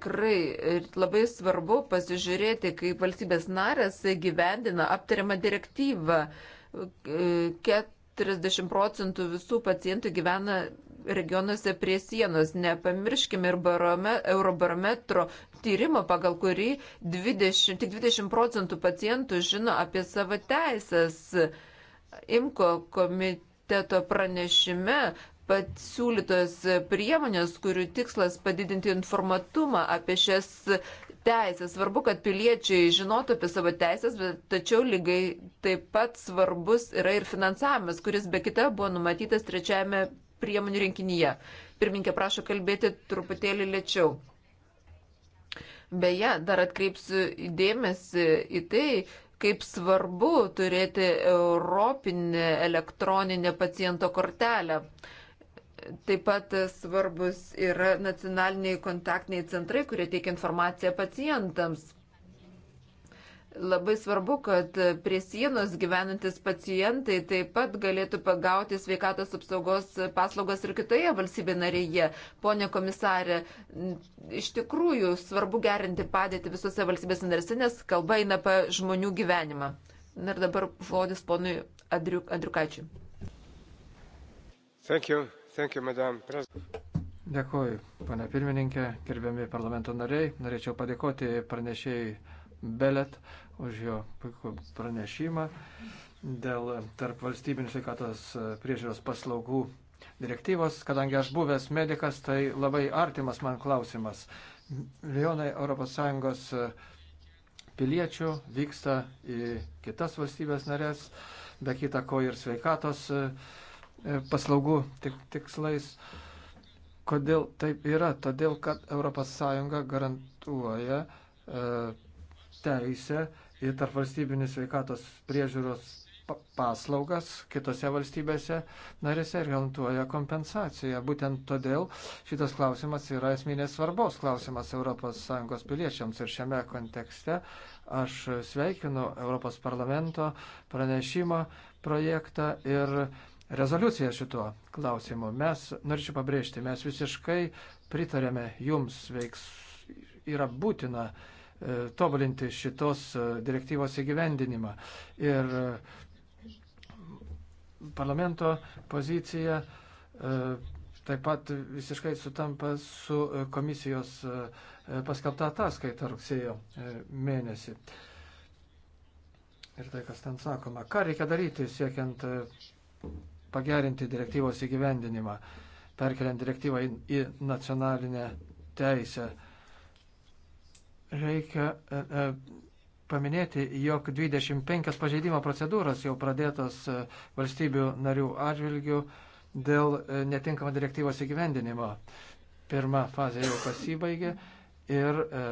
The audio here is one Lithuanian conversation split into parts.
Tikrai e, labai svarbu pasižiūrėti, kaip valstybės narės gyvendina aptariamą direktyvą. 40 e, procentų visų pacientų gyvena regionuose prie sienos. Nepamirškime ir barome, eurobarometro tyrimo, pagal kurį 20, tik 20 procentų pacientų žino apie savo teisės. Imko komiteto pranešime pasiūlytos priemonės, kurių tikslas padidinti informatumą apie šias teisės. Svarbu, kad piliečiai žinotų apie savo teisės, bet tačiau lygai taip pat svarbus yra ir finansavimas, kuris be kita buvo numatytas trečiajame priemonių rinkinyje. Pirminkė prašo kalbėti truputėlį lėčiau. Beje, dar atkreipsiu dėmesį į tai, kaip svarbu turėti europinę elektroninę paciento kortelę. Uh, Taip pat svarbus yra nacionaliniai kontaktiniai centrai, kurie teikia informaciją pacientams. Labai svarbu, kad prie sienos gyvenantis pacientai taip pat galėtų pagauti sveikatos apsaugos paslaugos ir kitoje valstybė narėje. Pone komisarė, iš tikrųjų svarbu gerinti padėtį visose valstybės narėse, nes kalba eina apie žmonių gyvenimą. Ir dabar žodis ponui Andriuk, Andriukačiui. Thank you. Dėkuoju, pane pirmininkė, gerbiami parlamento nariai. Norėčiau padėkoti pranešėjai Belet už jo puikų pranešimą dėl tarp valstybinių sveikatos priežiūros paslaugų direktyvos. Kadangi aš buvęs medicas, tai labai artimas man klausimas. Milijonai ES piliečių vyksta į kitas valstybės narės, be kita ko ir sveikatos. Uh, E, paslaugų tik, tikslais. Kodėl taip yra? Todėl, kad ES garantuoja e, teisę į tarpvalstybinį sveikatos priežiūros paslaugas kitose valstybėse narėse ir garantuoja kompensaciją. Būtent todėl šitas klausimas yra esminės svarbos klausimas ES piliečiams ir šiame kontekste aš sveikinu ES parlamento pranešimo projektą ir rezoliuciją šituo klausimu. Mes, norėčiau pabrėžti, mes visiškai pritarėme jums, veiks, yra būtina e, tobulinti šitos e, direktyvos įgyvendinimą. Ir e, parlamento pozicija e, taip pat visiškai sutampa su e, komisijos e, paskelbta ataskaita rugsėjo e, mėnesį. Ir tai, kas ten sakoma. Ką reikia daryti siekiant pagerinti direktyvos įgyvendinimą, perkeliant direktyvą į, į nacionalinę teisę. Reikia e, e, paminėti, jog 25 pažeidimo procedūros jau pradėtos e, valstybių narių atžvilgių dėl e, netinkamo direktyvos įgyvendinimo. Pirma fazė jau pasibaigė ir e,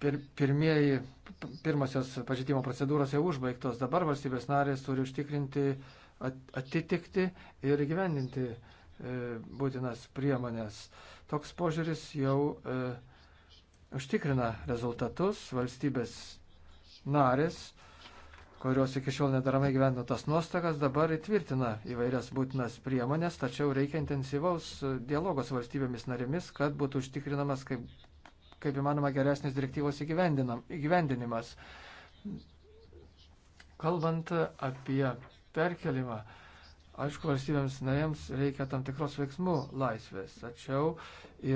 pir, pirmieji, pirmasios pažeidimo procedūros jau užbaigtos. Dabar valstybės narės turi užtikrinti atitikti ir gyvendinti e, būtinas priemonės. Toks požiūris jau e, užtikrina rezultatus valstybės narės kurios iki šiol nedaramai gyveno tas nuostatas, dabar įtvirtina įvairias būtinas priemonės, tačiau reikia intensyvaus dialogos valstybėmis narėmis, kad būtų užtikrinamas kaip kaip įmanoma geresnis direktyvos įgyvendinimas. Kalbant apie perkelimą, aišku, valstybėms narėms reikia tam tikros veiksmų laisvės, tačiau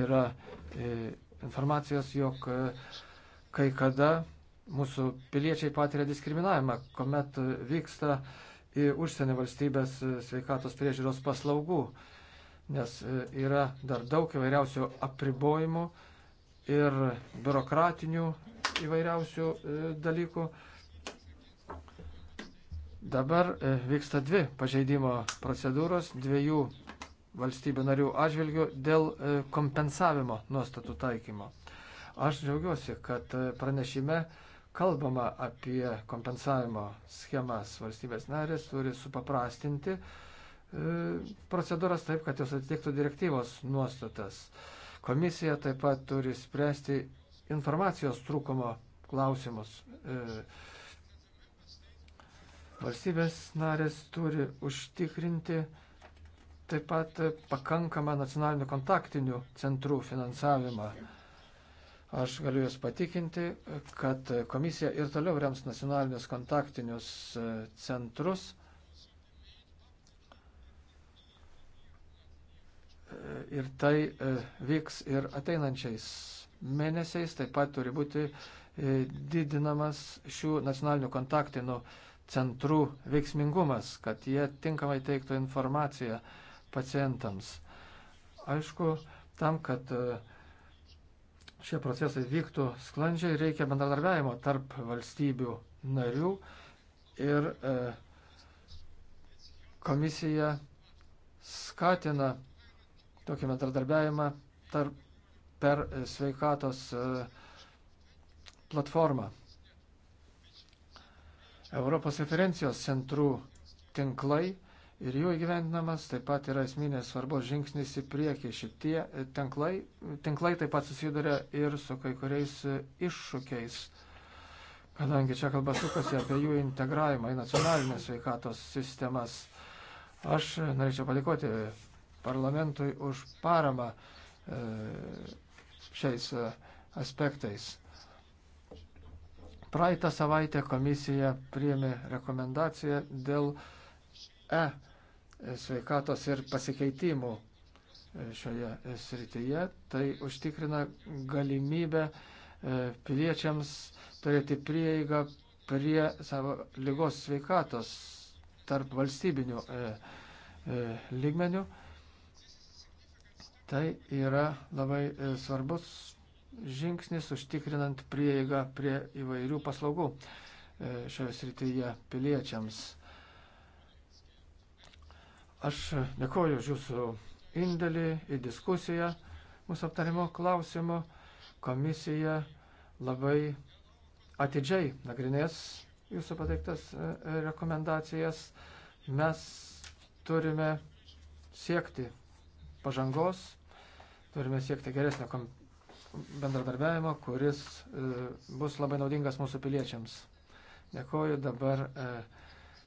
yra e, informacijos, jog e, kai kada mūsų piliečiai patiria diskriminavimą, kuomet vyksta į užsienį valstybės e, sveikatos priežiūros paslaugų, nes e, yra dar daug įvairiausių apribojimų, e, ir biurokratinių įvairiausių e, dalykų. Dabar e, vyksta dvi pažeidimo procedūros dviejų valstybių narių atžvilgių dėl e, kompensavimo nuostatų taikymo. Aš džiaugiuosi, kad pranešime kalbama apie kompensavimo schemas. Valstybės narės turi supaprastinti procedūras taip, kad jos atitiktų direktyvos nuostatas. Komisija taip pat turi spręsti informacijos trūkumo klausimus. E, valstybės narės turi užtikrinti taip pat pakankamą nacionalinių kontaktinių centrų finansavimą. Aš galiu Jūs patikinti, kad komisija ir toliau rems nacionalinius kontaktinius e, centrus ir tai e, vyks ir ateinančiais mėnesiais. Taip pat turi būti e, didinamas šių nacionalinių kontaktinų centrų veiksmingumas, kad jie tinkamai teiktų informaciją pacientams. Aišku, tam, kad e, šie procesai vyktų sklandžiai, reikia bendradarbiavimo tarp valstybių narių ir komisija skatina tokį bendradarbiavimą tarp, per e, sveikatos e, platformą. Europos referencijos centrų tinklai ir jų įgyvendinamas taip pat yra esminės svarbos žingsnis į priekį. Šitie e, tinklai, tinklai taip pat susiduria ir su kai kuriais iššūkiais, kadangi čia kalba sukasi apie jų integravimą į nacionalinės sveikatos sistemas. Aš norėčiau padėkoti parlamentui už paramą e, šiais e, aspektais. Praeitą savaitę komisija priėmė rekomendaciją dėl e sveikatos ir pasikeitimų e, šioje srityje. Tai užtikrina galimybę piliečiams turėti prieigą prie savo lygos sveikatos tarp valstybinių lygmenių. E, e, Tai yra labai e, svarbus žingsnis užtikrinant prieigą prie įvairių paslaugų e, šioje srityje piliečiams. Aš dėkoju už jūsų indėlį į diskusiją mūsų aptarimo klausimu. Komisija labai atidžiai nagrinės jūsų pateiktas e, rekomendacijas. Mes turime siekti pažangos Turime siekti geresnio bendradarbiavimo, kuris e, bus labai naudingas mūsų piliečiams. Dėkoju dabar e,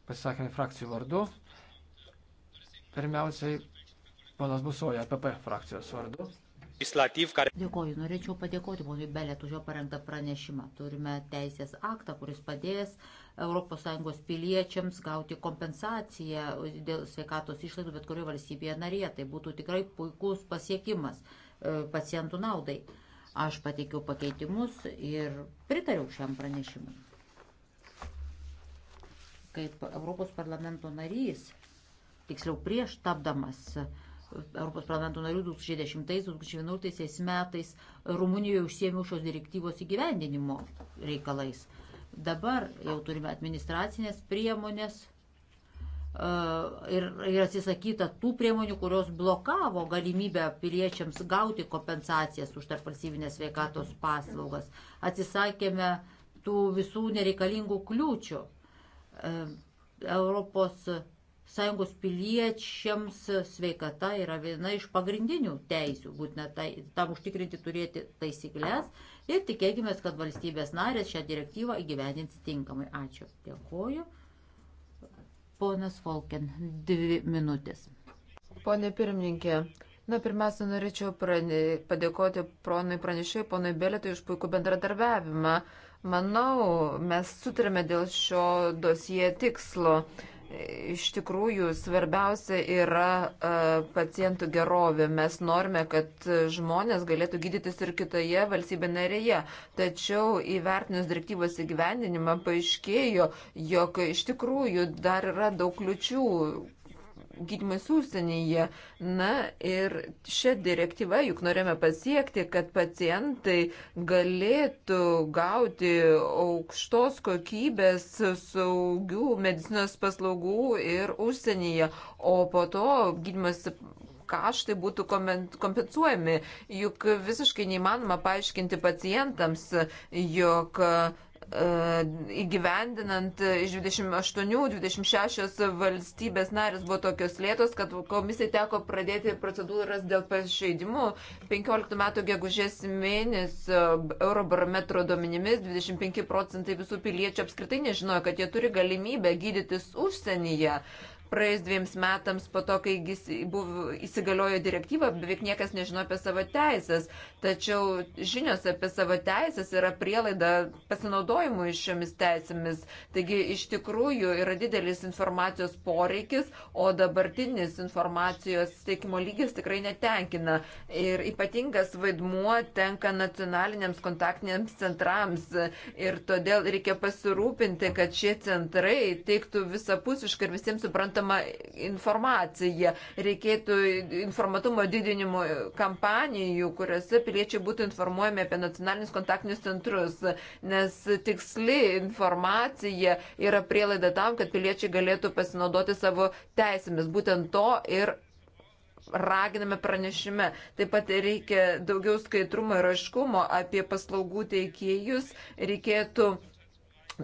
pasisakymai frakcijų vardu. Pirmiausiai, ponas Busoja, PP frakcijos vardu. Dėkoju, norėčiau padėkoti ponui Belėt už jo parengtą pranešimą. Turime teisės aktą, kuris padės ES piliečiams gauti kompensaciją dėl sveikatos išlaidų bet kurioje valstybėje narėje. Tai būtų tikrai puikus pasiekimas e, pacientų naudai. Aš pateikiau pakeitimus ir pritariau šiam pranešimui. Kaip Europos parlamento narys, tiksliau prieš tapdamas Europos parlamento narių 2010-2011 metais Rumunijoje užsiemiau šios direktyvos įgyvendinimo reikalais. Dabar jau turime administracinės priemonės e, ir, ir atsisakyta tų priemonių, kurios blokavo galimybę piliečiams gauti kompensacijas už tarpvalstybinės sveikatos paslaugas. Atsisakėme tų visų nereikalingų kliūčių. E, Europos Sąjungos piliečiams sveikata yra viena iš pagrindinių teisių, būtina tai, tam užtikrinti turėti taisyklės ir tikėkime, kad valstybės narės šią direktyvą įgyvendins tinkamai. Ačiū. Dėkuoju. Ponas Folken, dvi minutės. Pone pirmininkė, na pirmiausia, norėčiau prane, padėkoti pronui pranešėjui, ponui Belėtui už puikų bendradarbiavimą. Manau, mes sutarėme dėl šio dosie tikslo. Uh, Iš tikrųjų, svarbiausia yra e, pacientų gerovė. Mes norime, kad žmonės galėtų gydytis ir kitoje valstybė narėje. Tačiau įvertinus direktyvos įgyvendinimą paaiškėjo, jog iš tikrųjų dar yra daug kliučių, gydymas užsienyje. Na ir šią direktyvą juk norime pasiekti, kad pacientai galėtų gauti aukštos kokybės saugių medicinos paslaugų ir užsienyje, o po to gydymas kaštai būtų kompensuojami. Juk visiškai neįmanoma paaiškinti pacientams, jog E, įgyvendinant iš 28-26 valstybės narės buvo tokios lėtos, kad komisijai teko pradėti procedūras dėl pažeidimų. 15 metų gegužės mėnesio Eurobarometro duomenimis 25 procentai visų piliečių apskritai nežinojo, kad jie turi galimybę gydytis užsienyje praėjus dviems metams po to, kai buvo įsigaliojo direktyva, beveik niekas nežino apie savo teisės. Tačiau žinios apie savo teisės yra prielaida pasinaudojimui šiomis teisėmis. Taigi iš tikrųjų yra didelis informacijos poreikis, o dabartinis informacijos teikimo lygis tikrai netenkina. Ir ypatingas vaidmuo tenka nacionaliniams kontaktiniams centrams. Ir todėl reikia pasirūpinti, kad šie centrai teiktų visapusiškai ir visiems suprantamą pristatoma informacija. Reikėtų informatumo didinimo kampanijų, kuriuose piliečiai būtų informuojami apie nacionalinius kontaktinius centrus, nes tiksli informacija yra prielaida tam, kad piliečiai galėtų pasinaudoti savo teisėmis. Būtent to ir raginame pranešime. Taip pat reikia daugiau skaidrumo ir aiškumo apie paslaugų teikėjus. Reikėtų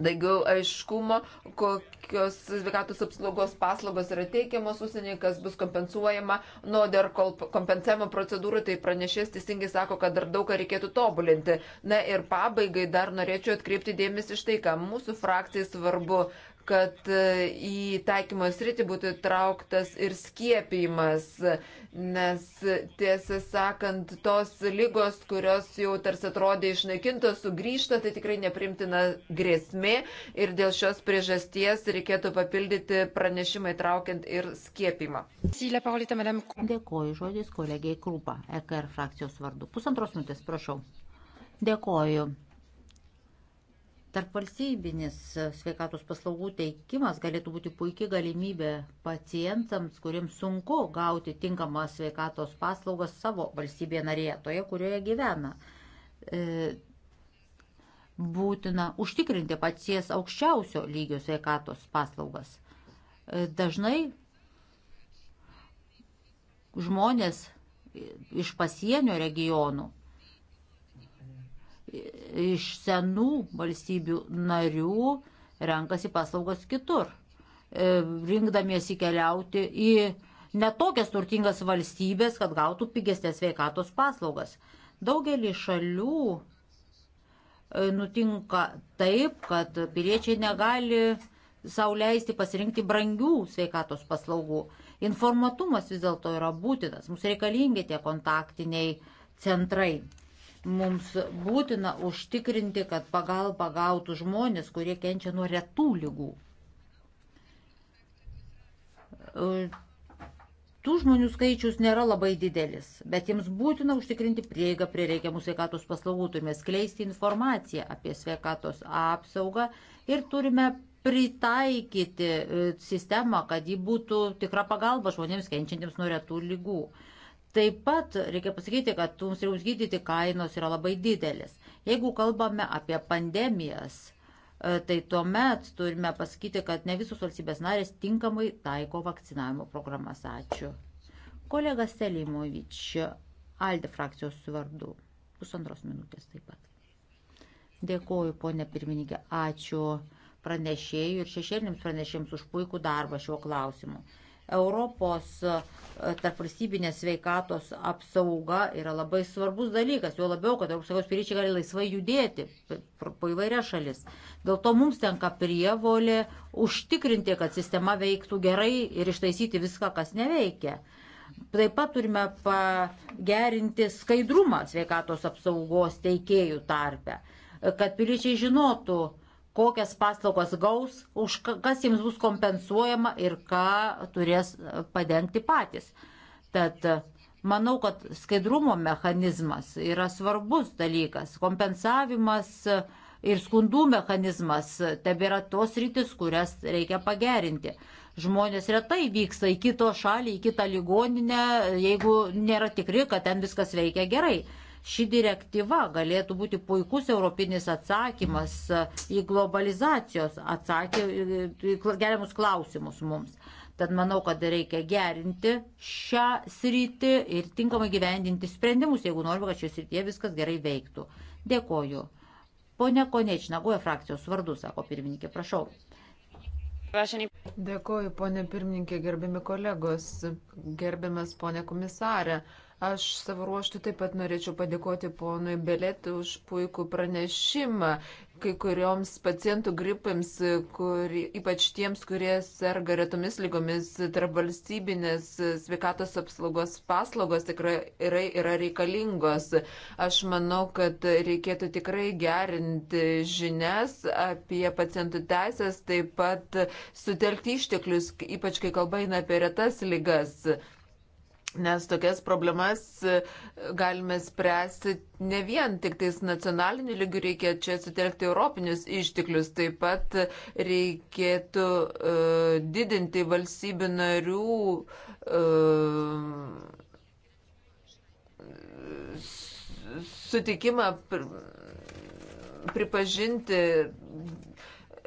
daugiau aiškumo, kokios sveikatos apsaugos paslaugos yra teikiamos užsieniai, kas bus kompensuojama. Nuo dar kompensavimo procedūrų tai pranešės teisingai sako, kad dar daug ką reikėtų tobulinti. Na ir pabaigai dar norėčiau atkreipti dėmesį iš tai, ką mūsų frakcijai svarbu, kad e, į taikymo sritį būtų įtrauktas ir skiepijimas, nes tiesą sakant, tos lygos, kurios jau tarsi atrodė išnaikintos, sugrįžta, tai tikrai neprimtina grėsmė ir dėl šios priežasties reikėtų papildyti pranešimą įtraukiant ir skiepimą. Dėkoju žodis kolegiai Krūpa, EKR frakcijos vardu. Pusantros minutės, prašau. Dėkoju. Tarp valstybinis sveikatos paslaugų teikimas galėtų būti puikia galimybė pacientams, kuriems sunku gauti tinkamą sveikatos paslaugas savo valstybėje narėje, toje, kurioje gyvena. E, būtina užtikrinti paties aukščiausio lygio sveikatos paslaugas. E, dažnai žmonės iš pasienio regionų iš senų valstybių narių renkasi paslaugas kitur, e, rinkdamiesi keliauti į netokias turtingas valstybės, kad gautų pigesnės sveikatos paslaugas. Daugelį šalių e, nutinka taip, kad piliečiai negali sauliaisti pasirinkti brangių sveikatos paslaugų. Informatumas vis dėlto yra būtinas, mums reikalingi tie kontaktiniai centrai. Mums būtina užtikrinti, kad pagalba gautų žmonės, kurie kenčia nuo retų lygų. Tų žmonių skaičius nėra labai didelis, bet jiems būtina užtikrinti prieigą prie reikiamų sveikatos paslaugų, turime skleisti informaciją apie sveikatos apsaugą ir turime pritaikyti e, sistemą, kad ji būtų tikra pagalba žmonėms kenčiantiems nuo retų lygų. Taip pat reikia pasakyti, kad tums reiks gydyti kainos yra labai didelis. Jeigu kalbame apie pandemijas, e, tai tuomet turime pasakyti, kad ne visos valstybės narės tinkamai taiko vakcinavimo programas. Ačiū. Kolega Selimovič, Alde frakcijos vardu. Pusantros minutės taip pat. Dėkoju, ponė pirmininkė. Ačiū pranešėjų ir šešėlėms pranešėjams už puikų darbą šiuo klausimu. Europos e, tarp valstybinės sveikatos apsauga yra labai svarbus dalykas, jo labiau, kad Europos Sąjungos piliečiai gali laisvai judėti po įvairias šalis. Dėl to mums tenka prievolė užtikrinti, kad sistema veiktų gerai ir ištaisyti viską, kas neveikia. Taip pat turime pagerinti skaidrumą sveikatos apsaugos teikėjų tarpe, kad piliečiai žinotų, kokias paslaugas gaus, už kas jiems bus kompensuojama ir ką turės e, padengti patys. Tad e, manau, kad skaidrumo mechanizmas yra svarbus dalykas. Kompensavimas e, ir skundų mechanizmas tebėra tos rytis, kurias reikia pagerinti. Žmonės retai vyksta į kito šalį, į kitą ligoninę, jeigu nėra tikri, kad ten viskas veikia gerai. Ši direktyva galėtų būti puikus europinis atsakymas e, į globalizacijos atsakė, e, geriamus klausimus mums. Tad manau, kad reikia gerinti šią sritį ir tinkamai gyvendinti sprendimus, jeigu norime, kad šioje srityje viskas gerai veiktų. Dėkoju. Pone Konečna, goja e frakcijos vardu, sako pirmininkė, prašau. Dėkoju, ponė pirmininkė, gerbiami kolegos, gerbiamas ponė komisarė. Aš savo ruoštų taip pat norėčiau padėkoti ponui Beletui už puikų pranešimą kai kurioms pacientų grupėms, kur, ypač tiems, kurie serga retomis lygomis, tarp valstybinės sveikatos apsaugos paslaugos tikrai yra, yra reikalingos. Aš manau, kad reikėtų tikrai gerinti žinias apie pacientų teisės, taip pat sutelkti išteklius, ypač kai kalba eina apie retas lygas. Nes tokias problemas e, galime spręsti ne vien tik tais nacionaliniu lygiu, reikia čia sutelkti europinius išteklius, taip pat reikėtų uh, didinti valstybių narių uh, sutikimą pripažinti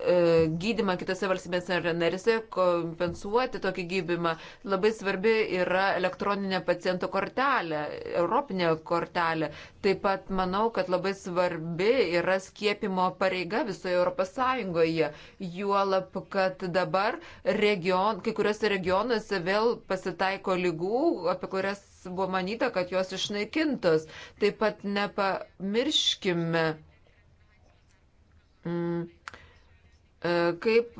E, gydimą kitose valstybėse narėse, kompensuoti tokį gydimą, labai svarbi yra elektroninė paciento kortelė, europinė kortelė. Taip pat manau, kad labai svarbi yra skiepimo pareiga visoje Europos Sąjungoje. Juolab, kad dabar region, kai kuriuose regionuose vėl pasitaiko lygų, apie kurias buvo manyta, kad jos išnaikintos. Taip pat nepamirškime. Mm E, kaip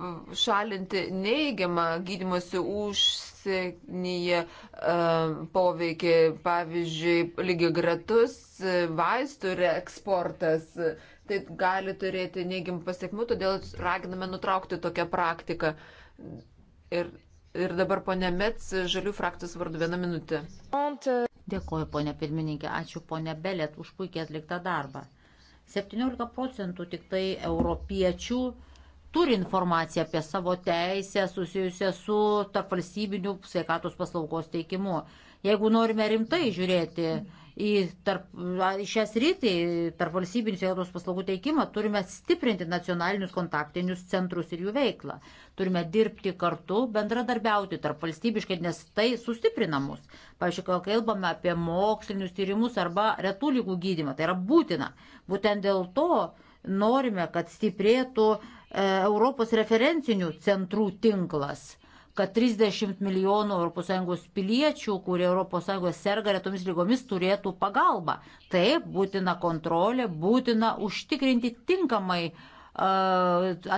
šalinti neigiamą gydimusi užsienyje e, poveikį, pavyzdžiui, lygi gratus e, vaistų reeksportas, tai gali turėti neigiamų pasiekmių, todėl raginame nutraukti tokią praktiką. Ir, ir dabar ponė Mets, žalių frakcijos vardu, vieną minutę. Dėkuoju, ponė pirmininkė, ačiū ponė Belėt už puikiai atliktą darbą. 17 procentų tik tai europiečių turi informaciją apie savo teisę susijusią su tarp valstybinių sveikatos paslaugos teikimu. Jeigu norime rimtai žiūrėti į tarp, šią sritį, tarp valstybinių sveikatos paslaugų teikimą, turime stiprinti nacionalinius kontaktinius centrus ir jų veiklą. Turime dirbti kartu, bendradarbiauti tarp valstybiškai, nes tai sustiprinamus. Pavyzdžiui, kai kalbame apie mokslinius tyrimus arba retų lygų gydymą, tai yra būtina. Būtent dėl to norime, kad stiprėtų uh, E, Europos referencinių centrų tinklas, kad 30 milijonų ES piliečių, kurie ES serga retomis lygomis, turėtų pagalbą. Taip, būtina kontrolė, būtina užtikrinti tinkamai e,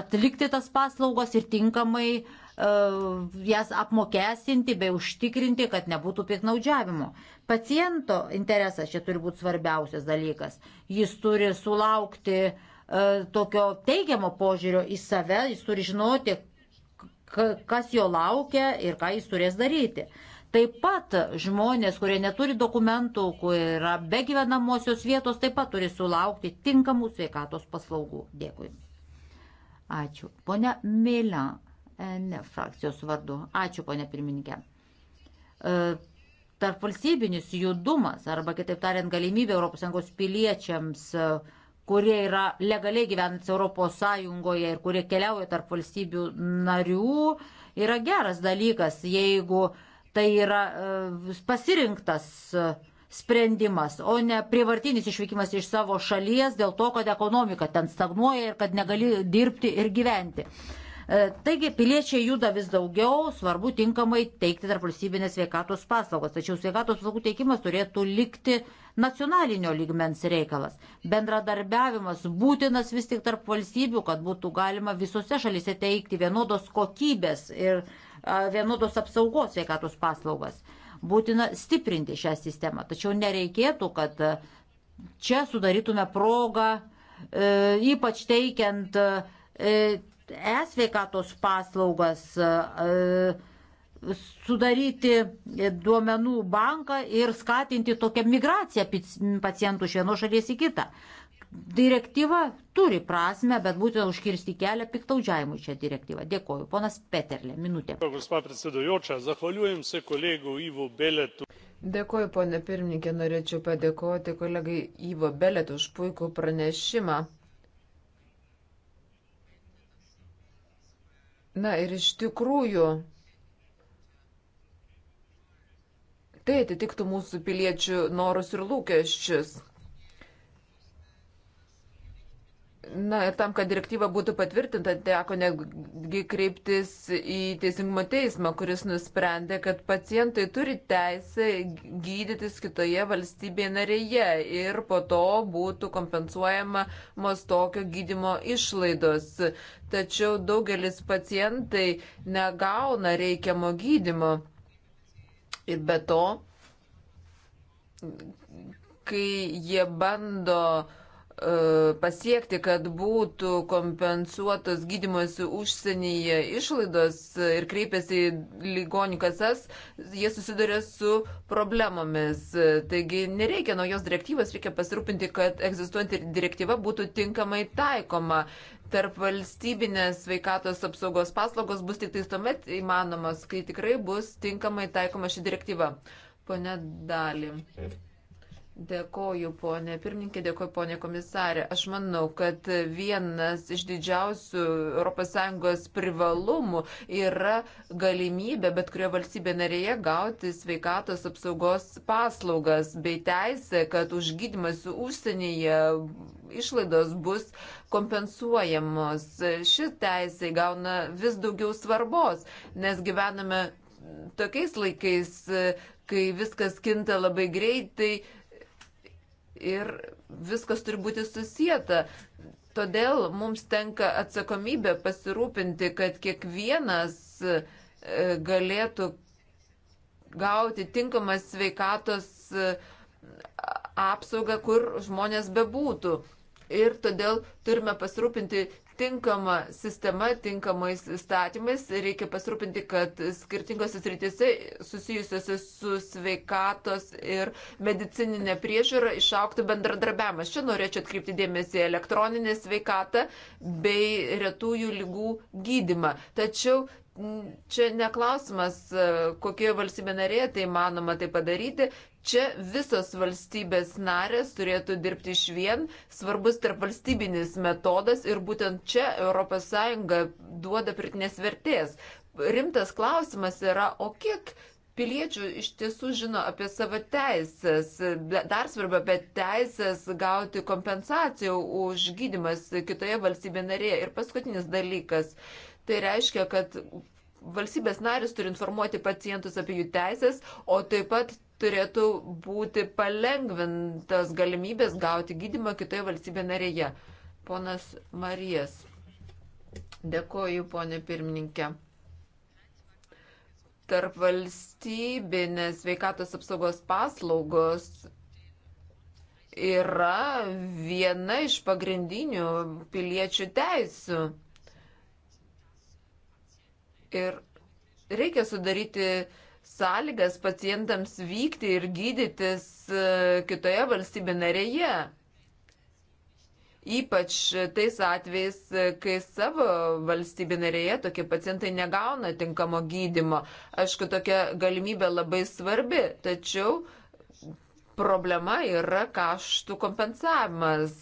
atlikti tas paslaugas ir tinkamai e, jas apmokestinti bei užtikrinti, kad nebūtų piknaudžiavimo. Paciento interesas čia turi būti svarbiausias dalykas. Jis turi sulaukti uh, E, tokio teigiamo požiūrio į save, jis turi žinoti, kas jo laukia ir ką jis turės daryti. Taip pat žmonės, kurie neturi dokumentų, kurie yra be gyvenamosios vietos, taip pat turi sulaukti tinkamų sveikatos paslaugų. Dėkui. Ačiū. Pone Mėlė, ne frakcijos vardu. Ačiū, pone pirmininkė. E, tarp valstybinis judumas, arba kitaip tariant, galimybė ES piliečiams uh, kurie yra legaliai gyvenantys ES ir kurie keliauja tarp valstybių narių, yra geras dalykas, jeigu tai yra e, pasirinktas e, sprendimas, o ne privartinis išvykimas iš savo šalies dėl to, kad ekonomika ten stagnuoja ir kad negali dirbti ir gyventi. E, taigi piliečiai juda vis daugiau, svarbu tinkamai teikti tarp valstybinės sveikatos paslaugas, tačiau sveikatos paslaugų teikimas turėtų likti nacionalinio lygmens reikalas. Bendradarbiavimas būtinas vis tik tarp valstybių, kad būtų galima visose šalise teikti vienodos kokybės ir vienodos apsaugos sveikatos paslaugas. Būtina stiprinti šią sistemą, tačiau nereikėtų, kad čia sudarytume progą, e, ypač teikiant e, esveikatos paslaugas, e, sudaryti duomenų banką ir skatinti tokią migraciją pacientų iš vienos šalies į kitą. Direktyva turi prasme, bet būtina užkirsti kelią piktaudžiavimui šią direktyvą. Dėkoju. Ponas Peterlė, minutė. Dėkoju, ponė pirmininkė, norėčiau padėkoti kolegai Ivo Belet už puikų pranešimą. Na ir iš tikrųjų, tai atitiktų mūsų piliečių norus ir lūkesčius. Na ir tam, kad direktyva būtų patvirtinta, teko netgi kreiptis į Teisingumo teismą, kuris nusprendė, kad pacientai turi teisę gydytis kitoje valstybėje narėje ir po to būtų kompensuojama mostokio gydimo išlaidos. Tačiau daugelis pacientai negauna reikiamo gydimo. Ir be to, kai jie bando E, pasiekti, kad būtų kompensuotos gydymosi užsienyje išlaidos ir kreipiasi į ligonių kasas, jie susiduria su problemomis. Taigi nereikia naujos direktyvos, reikia pasirūpinti, kad egzistuojanti direktyva būtų tinkamai taikoma. Tarp valstybinės sveikatos apsaugos paslaugos bus tik tai tuomet įmanomas, kai tikrai bus tinkamai taikoma ši direktyva. Pone Dali. Taip. Dėkoju, ponė pirmininkė, dėkoju, ponė komisarė. Aš manau, kad vienas iš didžiausių ES privalumų yra galimybė bet kurioje valstybė narėje gauti sveikatos apsaugos paslaugas bei teisė, kad už gydimas užsienyje išlaidos bus kompensuojamos. Ši teisė gauna vis daugiau svarbos, nes gyvename tokiais laikais, kai viskas kinta labai greitai ir viskas turi būti susijęta. Todėl mums tenka atsakomybė pasirūpinti, kad kiekvienas e, galėtų gauti tinkamą sveikatos e, apsaugą, kur žmonės bebūtų. Ir todėl turime pasirūpinti tinkama sistema, tinkamais įstatymais. Reikia pasirūpinti, kad skirtingose srityse susijusiuose su sveikatos ir medicininė priežiūra išauktų bendradarbiavimas. Čia norėčiau atkreipti dėmesį elektroninę sveikatą bei retųjų lygų gydimą. Tačiau Čia neklausimas, e, kokie valstybė narė tai manoma tai padaryti. Čia visos valstybės narės turėtų dirbti iš vien, svarbus tarp valstybinis metodas ir būtent čia ES duoda pritinės vertės. Rimtas klausimas yra, o kiek piliečių iš tiesų žino apie savo teisės, dar svarbu apie teisės gauti kompensaciją už gydimas kitoje valstybėje narėje. Ir paskutinis dalykas, Tai reiškia, kad valstybės narės turi informuoti pacientus apie jų teisės, o taip pat turėtų būti palengvintas galimybės gauti gydimą kitoje valstybėje narėje. Ponas Marijas. Dėkoju, ponė pirmininkė. Tarp valstybinės veikatos apsaugos paslaugos yra viena iš pagrindinių piliečių teisų. Ir reikia sudaryti sąlygas pacientams vykti ir gydytis e, kitoje valstybė narėje. Ypač tais atvejais, e, kai savo valstybė narėje tokie pacientai negauna tinkamo gydimo. Aišku, tokia galimybė labai svarbi, tačiau uh, problema yra kaštų kompensavimas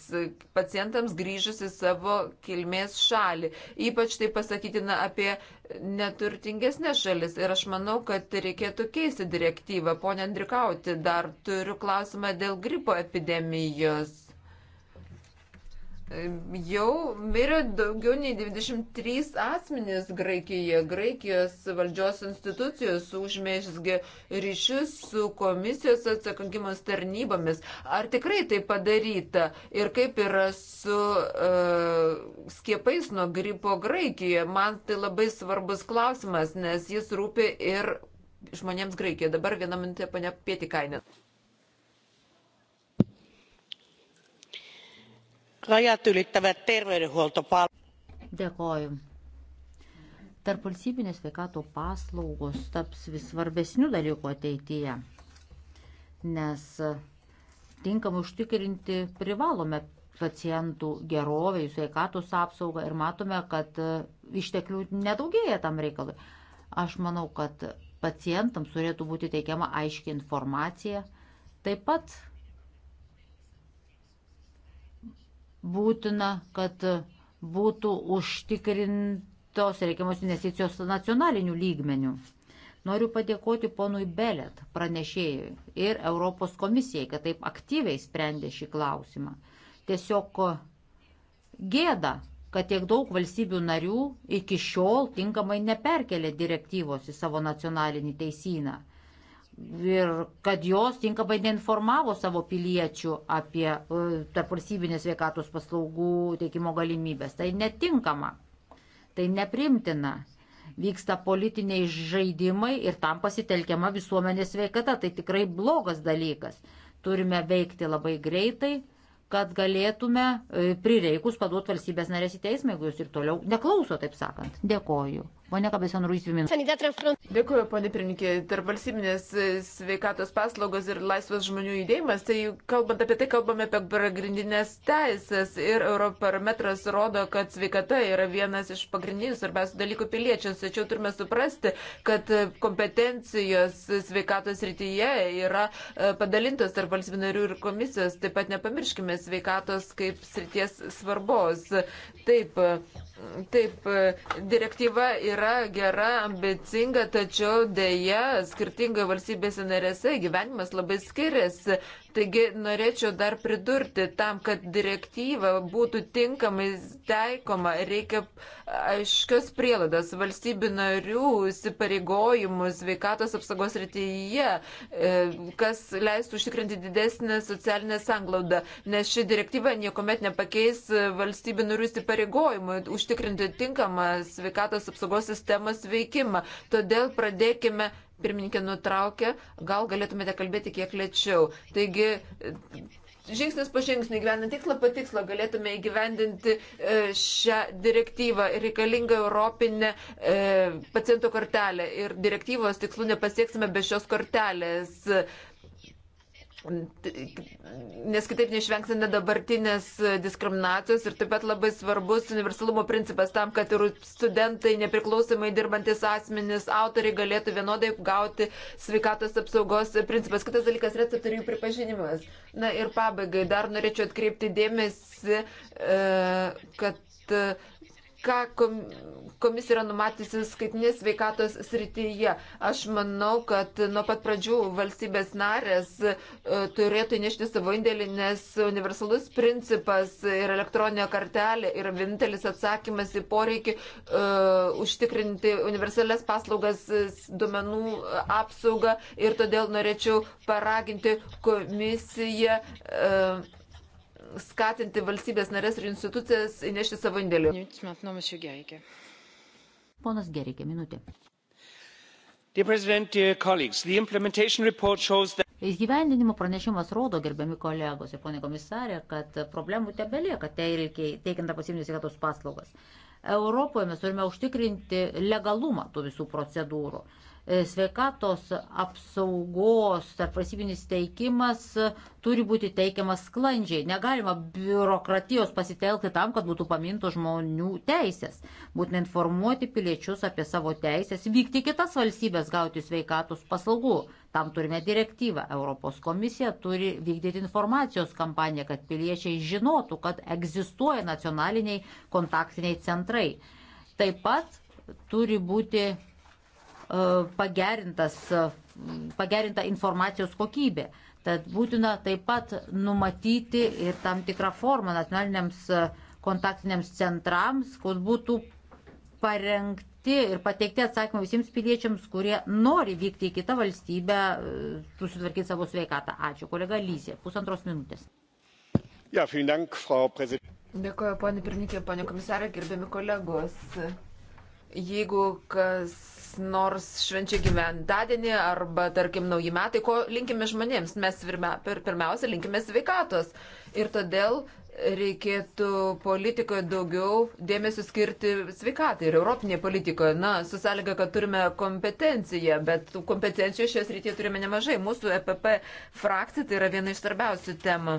pacientams grįžus į savo kilmės šalį. Ypač tai pasakytina apie neturtingesnės šalis. Ir aš manau, kad reikėtų keisti direktyvą. Pone Andrikauti, dar turiu klausimą dėl gripo epidemijos. Jau mirė daugiau nei 23 asmenys Graikijoje. Graikijos valdžios institucijos užmėžgė ryšius su komisijos atsakangimos tarnybomis. Ar tikrai tai padaryta? Ir kaip yra su uh, skiepais nuo gripo Graikijoje? Man tai labai svarbus klausimas, nes jis rūpi ir žmonėms Graikijoje. Dabar vieną minutę, ponia Pietikainė. rajat ylittävät terveydenhuoltopalvelut. Dėkoju. Tarp valstybinės sveikato paslaugos taps vis svarbesnių dalykų ateityje, nes tinkamai užtikrinti privalome pacientų gerovę, jų sveikatos apsaugą ir matome, kad e, išteklių nedaugėja tam reikalui. Aš manau, kad pacientams turėtų būti teikiama aiški informacija. Taip pat būtina, kad būtų užtikrintos reikiamos investicijos nacionalinių lygmenių. Noriu padėkoti ponui Belet, pranešėjui ir Europos komisijai, kad taip aktyviai sprendė šį klausimą. Tiesiog gėda, kad tiek daug valstybių narių iki šiol tinkamai neperkelė direktyvos į savo nacionalinį teisyną ir kad jos tinkamai neinformavo savo piliečių apie e, tarpvalstybinės sveikatos paslaugų teikimo galimybės. Tai netinkama, tai neprimtina. Vyksta politiniai žaidimai ir tam pasitelkiama visuomenės sveikata. Tai tikrai blogas dalykas. Turime veikti labai greitai, kad galėtume e, prireikus paduoti valstybės narės į teismą, jeigu jūs ir toliau neklauso, taip sakant. Dėkoju. Pone Kabeson Ruiz, dvi minutės. Dėkuoju, ponė Pirinkė. Tarp valstybinės e, sveikatos paslaugos ir laisvas žmonių judėjimas, tai kalbant apie tai, kalbame apie pagrindinės teisės ir Europarometras rodo, kad sveikata yra vienas iš pagrindinių svarbiausių dalykų piliečiams, tačiau turime suprasti, kad kompetencijos sveikatos rytyje yra e, padalintos tarp valstybinarių ir komisijos. Taip pat nepamirškime sveikatos kaip srities svarbos. Taip, Taip, direktyva yra gera, ambicinga, tačiau dėja skirtingai valstybėse narėse gyvenimas labai skiriasi. Taigi norėčiau dar pridurti, tam, kad direktyva būtų tinkamai taikoma, reikia aiškios prieladas valstybių narių įsipareigojimų sveikatos apsaugos rytyje, e, kas leistų užtikrinti didesnį socialinę sanglaudą, nes ši direktyva niekuomet nepakeis valstybių narių įsipareigojimų užtikrinti tinkamą sveikatos apsaugos sistemos veikimą. Todėl pradėkime pirmininkė nutraukė, gal galėtumėte kalbėti kiek lėčiau. Taigi, žingsnis po žingsnį gyvenant tikslą po tikslą galėtume įgyvendinti e, šią direktyvą ir reikalingą europinę e, paciento kortelę. Ir direktyvos tikslų nepasieksime be šios kortelės nes kitaip neišvengsime dabartinės diskriminacijos ir taip pat labai svarbus universalumo principas tam, kad ir studentai, nepriklausomai dirbantis asmenys, autoriai galėtų vienodai gauti sveikatos apsaugos principas. Kitas dalykas - receptorių pripažinimas. Na ir pabaigai dar norėčiau atkreipti dėmesį, e, kad ką komisija yra numatysi skaitinės veikatos srityje. Aš manau, kad nuo pat pradžių valstybės narės e, turėtų nešti savo indėlį, nes universalus principas ir elektroninė kartelė yra vienintelis atsakymas į poreikį uh, užtikrinti universalias paslaugas e, duomenų apsaugą ir todėl norėčiau paraginti komisiją. Uh, skatinti valstybės narės ir institucijas įnešti savo indėlį. Ponas Gerikė, minutė. Įgyvendinimo pranešimas rodo, gerbiami kolegos ir ponė komisarė, kad problemų tebelieka teikiant tą pasiminį sveikatos paslaugas. Europoje mes turime užtikrinti legalumą tų visų procedūrų. E, sveikatos apsaugos tarpvalstybinis teikimas turi būti teikiamas sklandžiai. Negalima biurokratijos pasitelkti tam, kad būtų paminto žmonių teisės. Būtina informuoti piliečius apie savo teisės, vykti kitas valstybės, gauti sveikatos paslaugų. Tam turime direktyvą. Europos komisija turi vykdyti informacijos kampaniją, kad piliečiai žinotų, kad egzistuoja nacionaliniai kontaktiniai centrai. Taip pat turi būti E, e, pagerinta informacijos kokybė. Tad būtina taip pat numatyti ir tam tikrą formą nacionaliniams e, kontaktiniams centrams, kur būtų parengti ir pateikti atsakymai visiems piliečiams, kurie nori vykti į kitą valstybę, susitvarkyti savo sveikatą. Ačiū, kolega Lysė. Pusantros minutės. Ja, dank, Dėkuoju, ponė pirmininkė, ponė komisarė, gerbiami kolegos. Jeigu kas nors švenčia gyventadienį arba, tarkim, nauji metai, ko linkime žmonėms? Mes pirmiausia linkime sveikatos. Ir todėl reikėtų politikoje daugiau dėmesio skirti sveikatai ir europinėje politikoje. Na, su sąlyga, kad turime kompetenciją, bet kompetencijų šios rytyje turime nemažai. Mūsų EPP frakcija tai yra viena iš svarbiausių temų.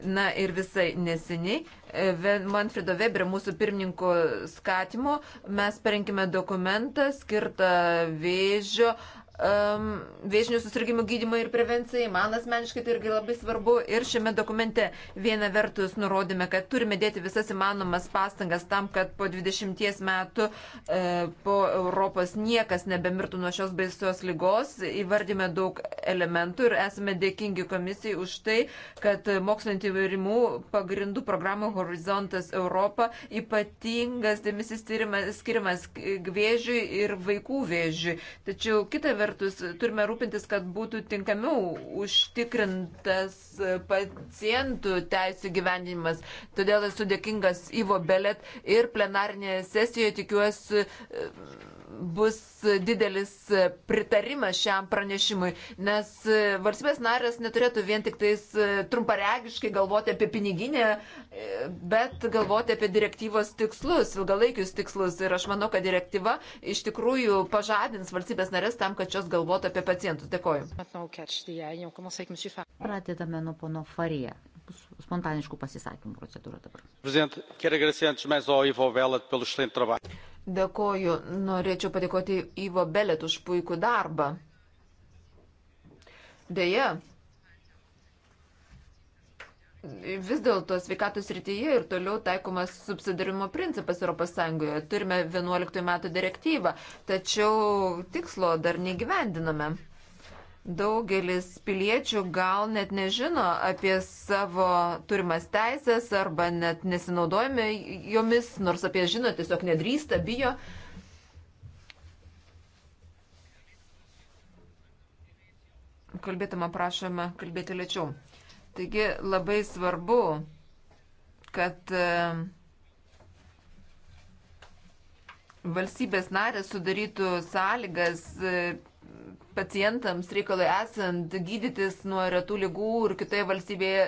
Na ir visai neseniai e, Manfredo Weberio, mūsų pirmininko skatimo, mes parinkime dokumentą skirtą vėžio um, viešinių susirgymų gydimą ir prevenciją. Man asmeniškai tai irgi labai svarbu. Ir šiame dokumente viena vertus nurodėme, kad turime dėti visas įmanomas pastangas tam, kad po 20 metų e, po Europos niekas nebemirtų nuo šios baisios lygos. Įvardėme daug elementų ir esame dėkingi komisijai už tai, kad mokslinio tyrimų pagrindų programų Horizontas Europa ypatingas dėmesys skiriamas vėžiui ir vaikų vėžiui. Tačiau kita vertus, vertus turime rūpintis, kad būtų tinkamiau užtikrintas pacientų teisų gyvenimas. Todėl esu dėkingas Ivo Belet ir plenarnėje sesijoje tikiuosi bus didelis pritarimas šiam pranešimui, nes valstybės narės neturėtų vien tik tais e, trumparegiškai galvoti apie piniginę, e, bet galvoti apie direktyvos tikslus, ilgalaikius tikslus. Ir aš manau, kad direktyva iš tikrųjų pažadins valstybės narės tam, kad šios galvotų apie pacientus. Dėkoju. Pradedame nuo pono Farija spontaniškų pasisakymų procedūra dabar. Dėkoju, norėčiau padėkoti Ivo Belet už puikų darbą. Deja, vis dėlto sveikatos rytyje ir toliau taikomas subsidarimo principas ES. Turime 11 metų direktyvą, tačiau tikslo dar negyvendiname. Daugelis piliečių gal net nežino apie savo turimas teisės arba net nesinaudojame jomis, nors apie žino tiesiog nedrįsta, bijo. Kalbėtama prašome kalbėti lėčiau. Taigi labai svarbu, kad e, valstybės narės sudarytų sąlygas e, pacientams reikalui esant gydytis nuo retų lygų ir kitoje valstybėje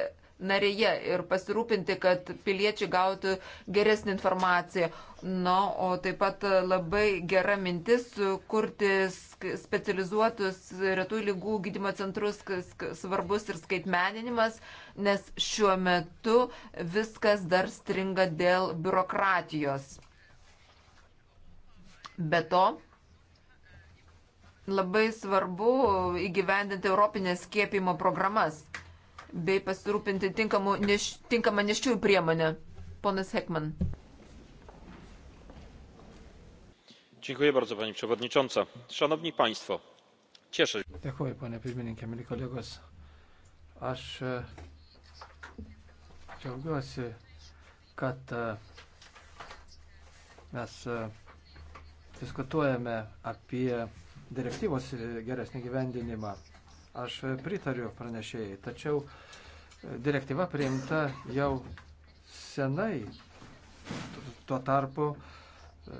narėje ir pasirūpinti, kad piliečiai gautų geresnį informaciją. Na, o taip pat labai gera mintis kurti specializuotus retų lygų gydimo centrus svarbus ir skaitmeninimas, nes šiuo metu viskas dar stringa dėl biurokratijos. Be to, Labai svarbu įgyvendinti Europinės skiepimo programas bei pasirūpinti tinkamą neš, neščiųjų priemonę. Ponas Hekman. Dziękuję bardzo Pani Przewodnicząca. Szanowni Państwo, cieszę się. Dziękuję Panie Pirmininkė, mili kolegos. Aš e, džiaugiuosi, kad e, mes e, diskutuojame apie direktyvos geresnį gyvendinimą. Aš pritariu pranešėjai, tačiau direktyva priimta jau senai. Tuo tarpu e,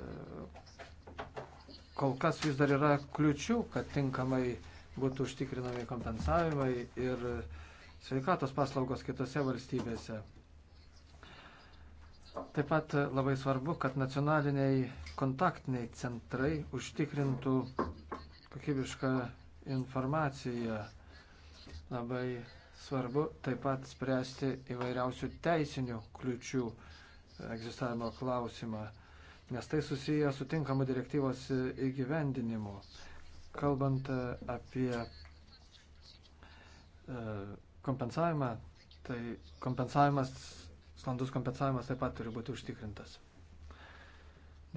kol kas vis dar yra kliučių, kad tinkamai būtų užtikrinami kompensavimai ir sveikatos paslaugos kitose valstybėse. Taip pat labai svarbu, kad nacionaliniai kontaktiniai centrai užtikrintų kokybišką informaciją. Labai svarbu taip pat spręsti įvairiausių teisinių kliučių egzistavimo klausimą, nes tai susiję su tinkamu direktyvos įgyvendinimu. Kalbant e, apie e, kompensavimą, tai kompensavimas, sklandus kompensavimas taip pat turi būti užtikrintas.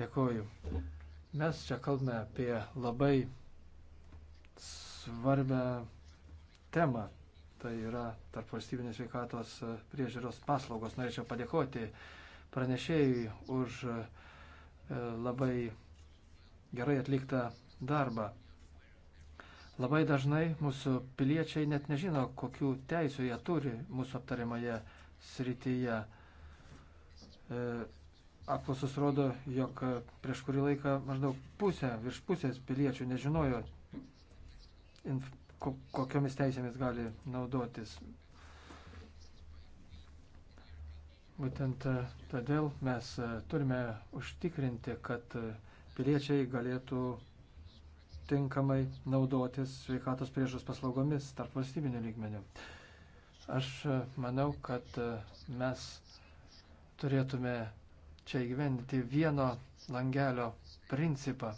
Dėkuoju. Mes čia kalbame apie labai svarbę temą. Tai yra tarp valstybinės veikatos priežiūros paslaugos. Norėčiau padėkoti pranešėjui už e, labai gerai atliktą darbą. Labai dažnai mūsų piliečiai net nežino, kokių teisų jie turi mūsų aptariamoje srityje. E, apklausos rodo, jog prieš kurį laiką maždaug pusė, virš pusės piliečių nežinojo inf, kokiamis teisėmis gali naudotis. Būtent e, todėl mes e, turime užtikrinti, kad e, piliečiai galėtų tinkamai naudotis sveikatos priežos paslaugomis tarp valstybinių lygmenių. Aš manau, kad mes turėtume čia įgyvendinti vieno langelio principą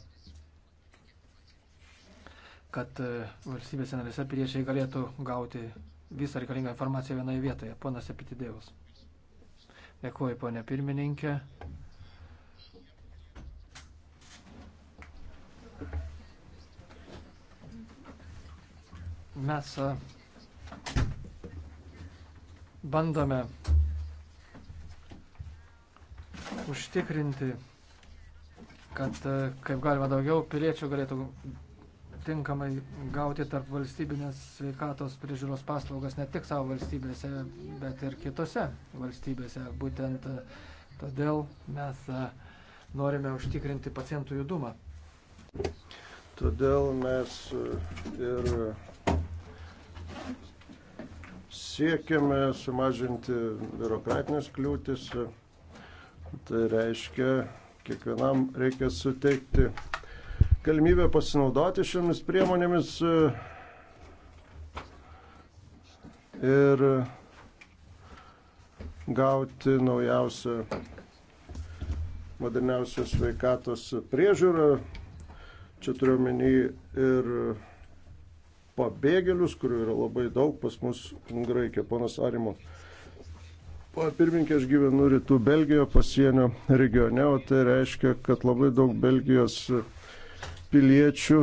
kad e, valstybėse narėse piliečiai galėtų gauti visą reikalingą informaciją vienoje vietoje. Ponas Epitidėjus. Dėkuoju, ponė pirmininkė. Mes e, bandome užtikrinti, kad e, kaip galima daugiau piliečių galėtų tinkamai gauti tarp valstybinės sveikatos priežiūros paslaugas ne tik savo valstybėse, bet ir kitose valstybėse. Būtent e, todėl mes e, norime užtikrinti pacientų judumą. Todėl mes e, ir siekiame sumažinti biurokratinės kliūtis. Tai reiškia, kiekvienam reikia suteikti galimybę pasinaudoti šiomis priemonėmis. E, ir gauti naujausią, moderniausią sveikatos priežiūrą. Čia turiu menį ir pabėgėlius, kurių yra labai daug pas mus Graikija, ponas Arimo. Pirminkė, aš gyvenu rytų Belgijoje pasienio regione, o tai reiškia, kad labai daug Belgijos piliečių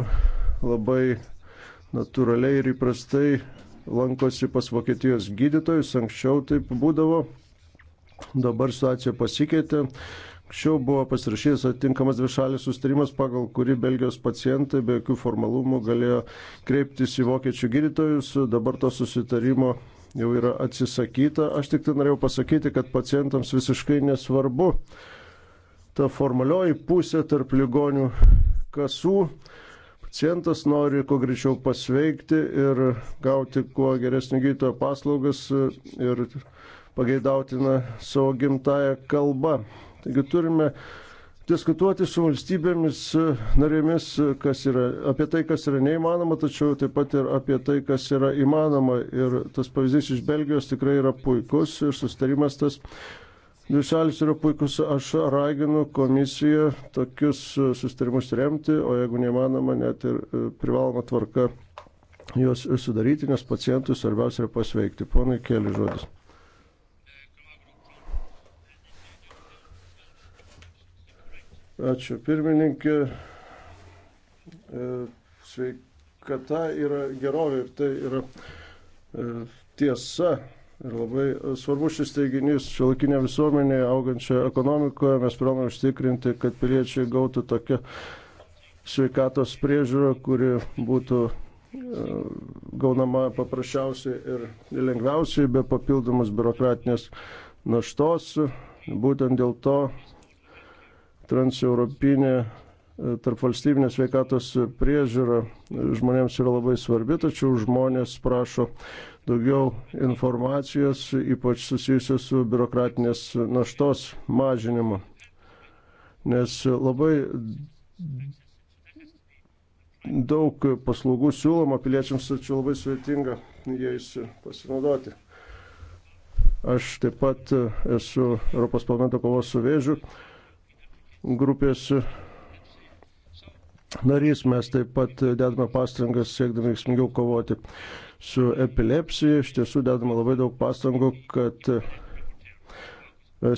labai natūraliai ir įprastai lankosi pas Vokietijos gydytojus, anksčiau taip būdavo, dabar situacija pasikeitė. Anksčiau buvo pasirašytas atitinkamas dvišalis sustarimas, pagal kurį Belgijos pacientai be jokių formalumų galėjo kreiptis į vokiečių gydytojus, dabar to susitarimo jau yra atsisakyta. Aš tik tai norėjau pasakyti, kad pacientams visiškai nesvarbu ta formalioji pusė tarp ligonių kasų. Pacientas nori kuo greičiau pasveikti ir gauti kuo geresnį gydytojo paslaugas ir pageidautina savo gimtają kalbą. Taigi turime diskutuoti su valstybėmis narėmis yra, apie tai, kas yra neįmanoma, tačiau taip pat ir apie tai, kas yra įmanoma. Ir tas pavyzdys iš Belgijos tikrai yra puikus ir sustarimas tas Dvi šalis yra puikus, aš raginu komisiją tokius e, sustarimus remti, o jeigu neįmanoma, net ir e, privaloma tvarka juos sudaryti, nes pacientui svarbiausia yra pasveikti. Ponai, keli žodis. Ačiū pirmininkė. E, sveikata yra gerovė ir tai yra tiesa. Ir labai svarbus šis teiginys šiolakinė visuomenė, augančioje ekonomikoje, mes privalome užtikrinti, kad piliečiai gautų tokią sveikatos priežiūrą, kuri būtų e, gaunama paprasčiausiai ir lengviausiai be papildomus biurokratinės naštos. Būtent dėl to transeuropinė e, tarp valstybinė sveikatos priežiūra žmonėms yra labai svarbi, tačiau žmonės prašo daugiau informacijos, ypač susijusios su biurokratinės naštos mažinimu. Nes labai daug paslaugų siūloma piliečiams, tačiau labai sudėtinga jais pasinaudoti. Aš taip pat esu Europos parlamento kovos su vėžiu grupės narys. Mes taip pat dedame pastangas siekdami veiksmingiau kovoti su epilepsija. Iš tiesų dedama labai daug pastangų, kad e,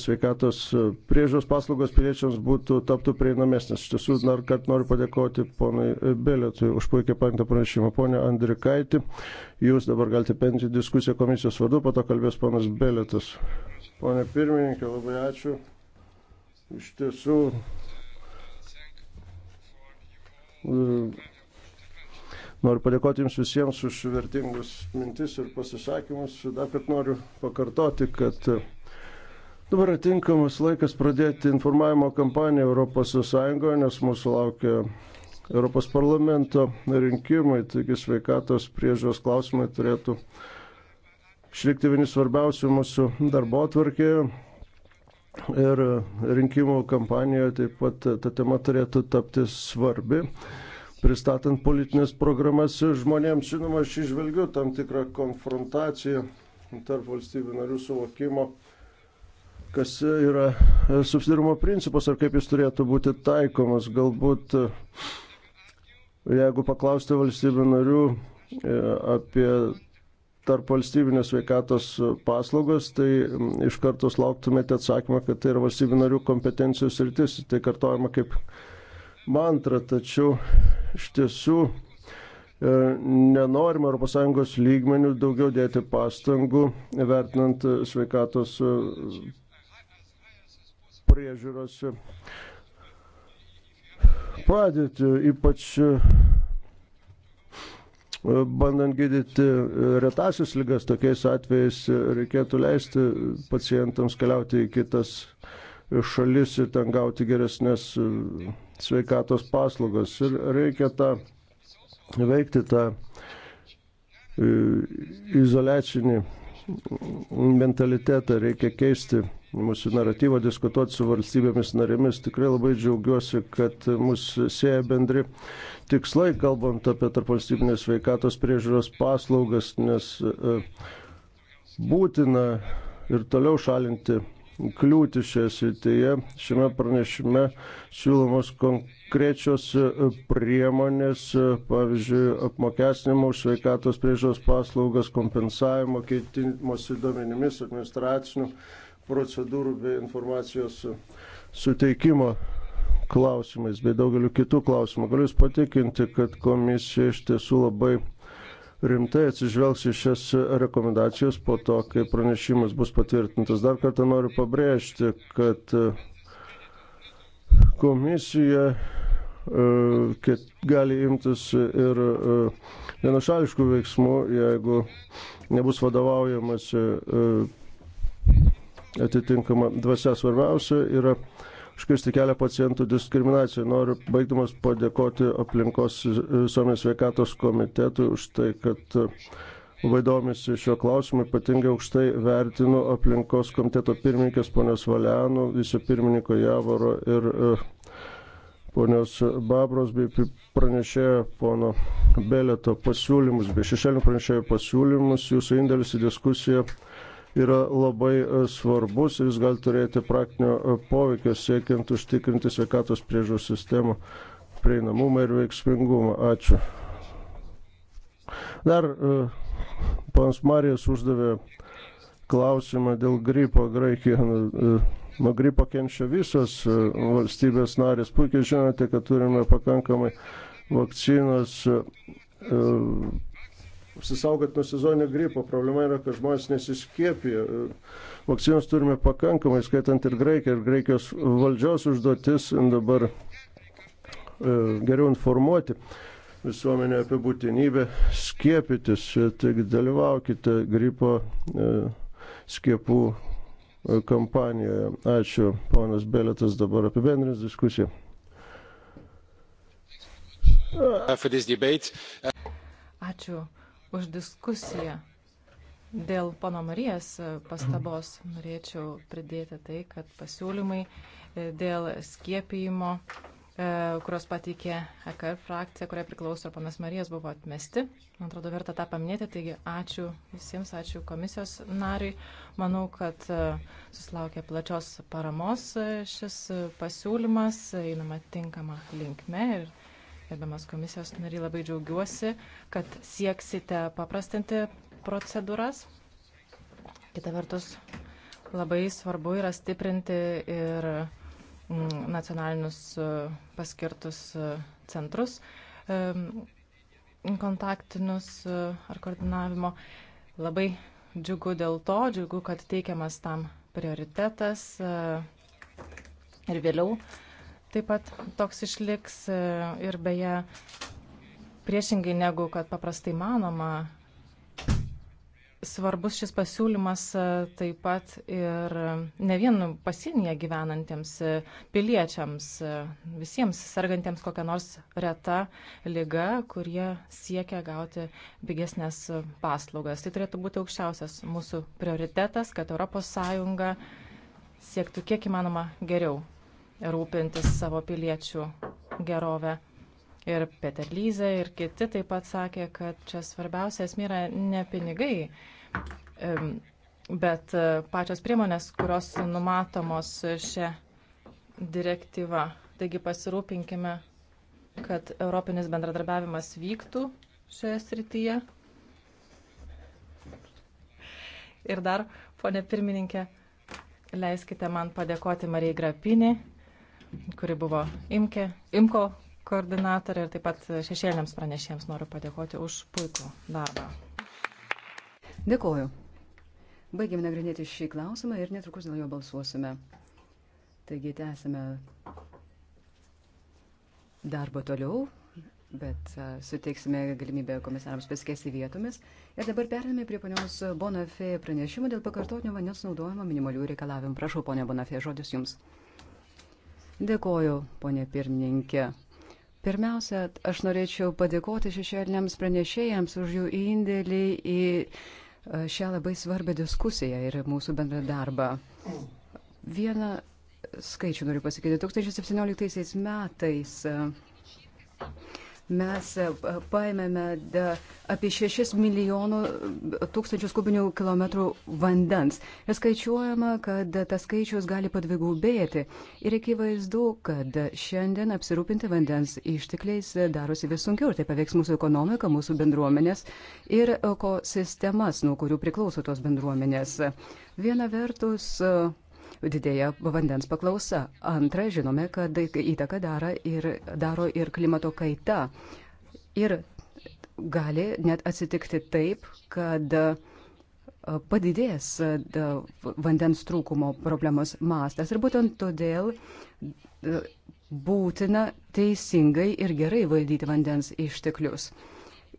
sveikatos e, priežiūros paslaugos piliečiams būtų taptų prieinamesnės. Iš tiesų, dar kartą noriu padėkoti ponai e, Belėtui už puikiai parengtą pranešimą. Pone Andrikaitį, jūs dabar galite penkti diskusiją komisijos vardu, po to kalbės ponas Belėtas. Pone pirmininkė, labai ačiū. Iš tiesų. Uh, Noriu padėkoti Jums visiems už vertingus mintis ir pasisakymus. Dar kartą noriu pakartoti, kad e, dabar atinkamas laikas pradėti informavimo kampaniją ES, nes mūsų laukia Europos parlamento rinkimai, taigi sveikatos priežiūros klausimai turėtų išlikti vieni svarbiausių mūsų darbo atvarkėje. Ir rinkimų kampanijoje taip pat ta tema turėtų tapti svarbi pristatant politinės programas žmonėms. Žinoma, aš išvelgiu tam tikrą konfrontaciją tarp valstybių narių suvokimo, kas yra subsidirumo principas ar kaip jis turėtų būti taikomas. Galbūt, jeigu paklausti valstybių narių e, apie tarp valstybinės veikatos paslaugos, tai iš karto lauktumėte atsakymą, kad tai yra valstybių narių kompetencijos rytis. Tai kartojama kaip mantra, tačiau iš tiesų e, nenorima ES lygmenių daugiau dėti pastangų, vertinant sveikatos e, priežiūros e, padėtį, ypač bandant gydyti retasius lygas, tokiais atvejais reikėtų leisti pacientams keliauti į kitas šalis ir ten gauti geresnės sveikatos paslaugas. Ir reikia tą veikti tą e, izolacinį mentalitetą, reikia keisti mūsų naratyvą, diskutuoti su valstybėmis narėmis. Tikrai labai džiaugiuosi, kad mūsų sieja bendri tikslai, kalbant apie tarpvalstybinės sveikatos priežiūros paslaugas, nes e, būtina ir toliau šalinti kliūtį šioje srityje. Šiame pranešime siūlomos konkrečios e, priemonės, e, pavyzdžiui, apmokestinimo už sveikatos priežos paslaugas, kompensavimo, keitimosi duomenimis, administracinių procedūrų bei informacijos suteikimo klausimais bei daugeliu kitų klausimų. Galiu jūs patikinti, kad komisija iš tiesų labai rimtai atsižvelgs į šias rekomendacijas po to, kai pranešimas bus patvirtintas. Dar kartą noriu pabrėžti, kad e, komisija e, gali imtis ir e, vienašališkų veiksmų, jeigu nebus vadovaujamasi atitinkama dvasia. Svarbiausia yra užkirsti kelią pacientų diskriminacijai. Noriu baigdamas padėkoti aplinkos visuomenės sveikatos komitetui už tai, kad uh, labai domisi šiuo klausimu, ypatingai aukštai vertinu aplinkos komiteto pirmininkės ponios Valianų, viso pirmininko Javoro ir uh, ponios Babros bei pranešėjo pono Beleto pasiūlymus, bei šešėlinių pranešėjo pasiūlymus, jūsų indėlis į diskusiją yra labai e, svarbus ir jis gali turėti praktinio e, poveikio siekiant užtikrinti sveikatos priežos sistemų prieinamumą ir veiksmingumą. Ačiū. Dar e, panas Marijas uždavė klausimą dėl gripo Graikijoje. Nu, nuo gripo kenčia visos valstybės narės. Puikiai žinote, kad turime pakankamai vakcinos apsisaugot nuo sezoninio gripo. Problema yra, kad žmonės nesiskėpė. Vakcinos turime pakankamai, skaitant ir Graikiją, ir Graikijos valdžios užduotis dabar e, geriau informuoti visuomenė apie būtinybę skiepytis. Taigi dalyvaukite gripo e, skiepų e, kampanijoje. Ačiū, ponas Belėtas, dabar apibendrins diskusiją. Ačiū už diskusiją. Dėl pono Marijas e, pastabos norėčiau pridėti tai, kad pasiūlymai e, dėl skiepijimo, e, kurios pateikė EKR frakcija, kuriai priklauso ir panas Marijas, buvo atmesti. Man atrodo, verta tą paminėti. Taigi, ačiū visiems, ačiū komisijos nariui. Manau, kad susilaukė plačios paramos šis pasiūlymas, einama tinkama linkme. Ir gerbiamas komisijos nariai, labai džiaugiuosi, kad sieksite paprastinti procedūras. Kita vertus, labai svarbu yra stiprinti ir mm, nacionalinius paskirtus centrus kontaktinius ar koordinavimo. Labai džiugu dėl to, džiugu, kad teikiamas tam prioritetas ir vėliau Taip pat toks išliks e, ir beje, priešingai negu kad paprastai manoma, svarbus šis pasiūlymas e, taip pat ir ne vien pasienyje gyvenantiems e, piliečiams, visiems sergantiems kokią nors retą lygą, kurie siekia gauti pigesnės paslaugas. Tai turėtų būti aukščiausias mūsų prioritetas, kad ES siektų kiek įmanoma geriau rūpintis savo piliečių gerovę. Ir Peter Lyze ir kiti taip pat sakė, kad čia svarbiausia esmė yra ne pinigai, bet e, pačios priemonės, kurios numatomos šią direktyvą. Taigi pasirūpinkime, kad europinis bendradarbiavimas vyktų šioje srityje. Ir dar, ponė pirmininkė, leiskite man padėkoti Marijai Grapinį kuri buvo Imke, Imko koordinatorė ir taip pat šešėliniams pranešėjams noriu padėkoti už puikų darbą. Dėkoju. Baigėme nagrinėti šį klausimą ir netrukus dėl jo balsuosime. Taigi tęsime darbą toliau, bet suteiksime galimybę komisarams pasikesti vietomis. Ir dabar perėmėme prie ponios Bonafė pranešimo dėl pakartotinio vandens naudojimo minimalių reikalavimų. Prašau, ponia Bonafė, žodis jums. Dėkoju, ponė pirmininkė. Pirmiausia, aš norėčiau padėkoti šešėliniams pranešėjams už jų indėlį į e, šią labai svarbę diskusiją ir mūsų bendrą darbą. Vieną skaičių noriu pasakyti. 2017 metais mes e, paėmėme apie 6 milijonų e, tūkstančius kubinių kilometrų vandens. Ir skaičiuojama, kad tas skaičius gali padvigubėti. Ir akivaizdu, kad šiandien apsirūpinti vandens ištekliais darosi vis sunkiau. Ir tai paveiks mūsų ekonomiką, mūsų bendruomenės ir ekosistemas, nuo kurių priklauso tos bendruomenės. Viena vertus, e, didėja vandens paklausa. Antra, žinome, kad įtaką daro ir, daro ir klimato kaita. Ir gali net atsitikti taip, kad padidės vandens trūkumo problemos mastas. Ir būtent todėl būtina teisingai ir gerai valdyti vandens išteklius.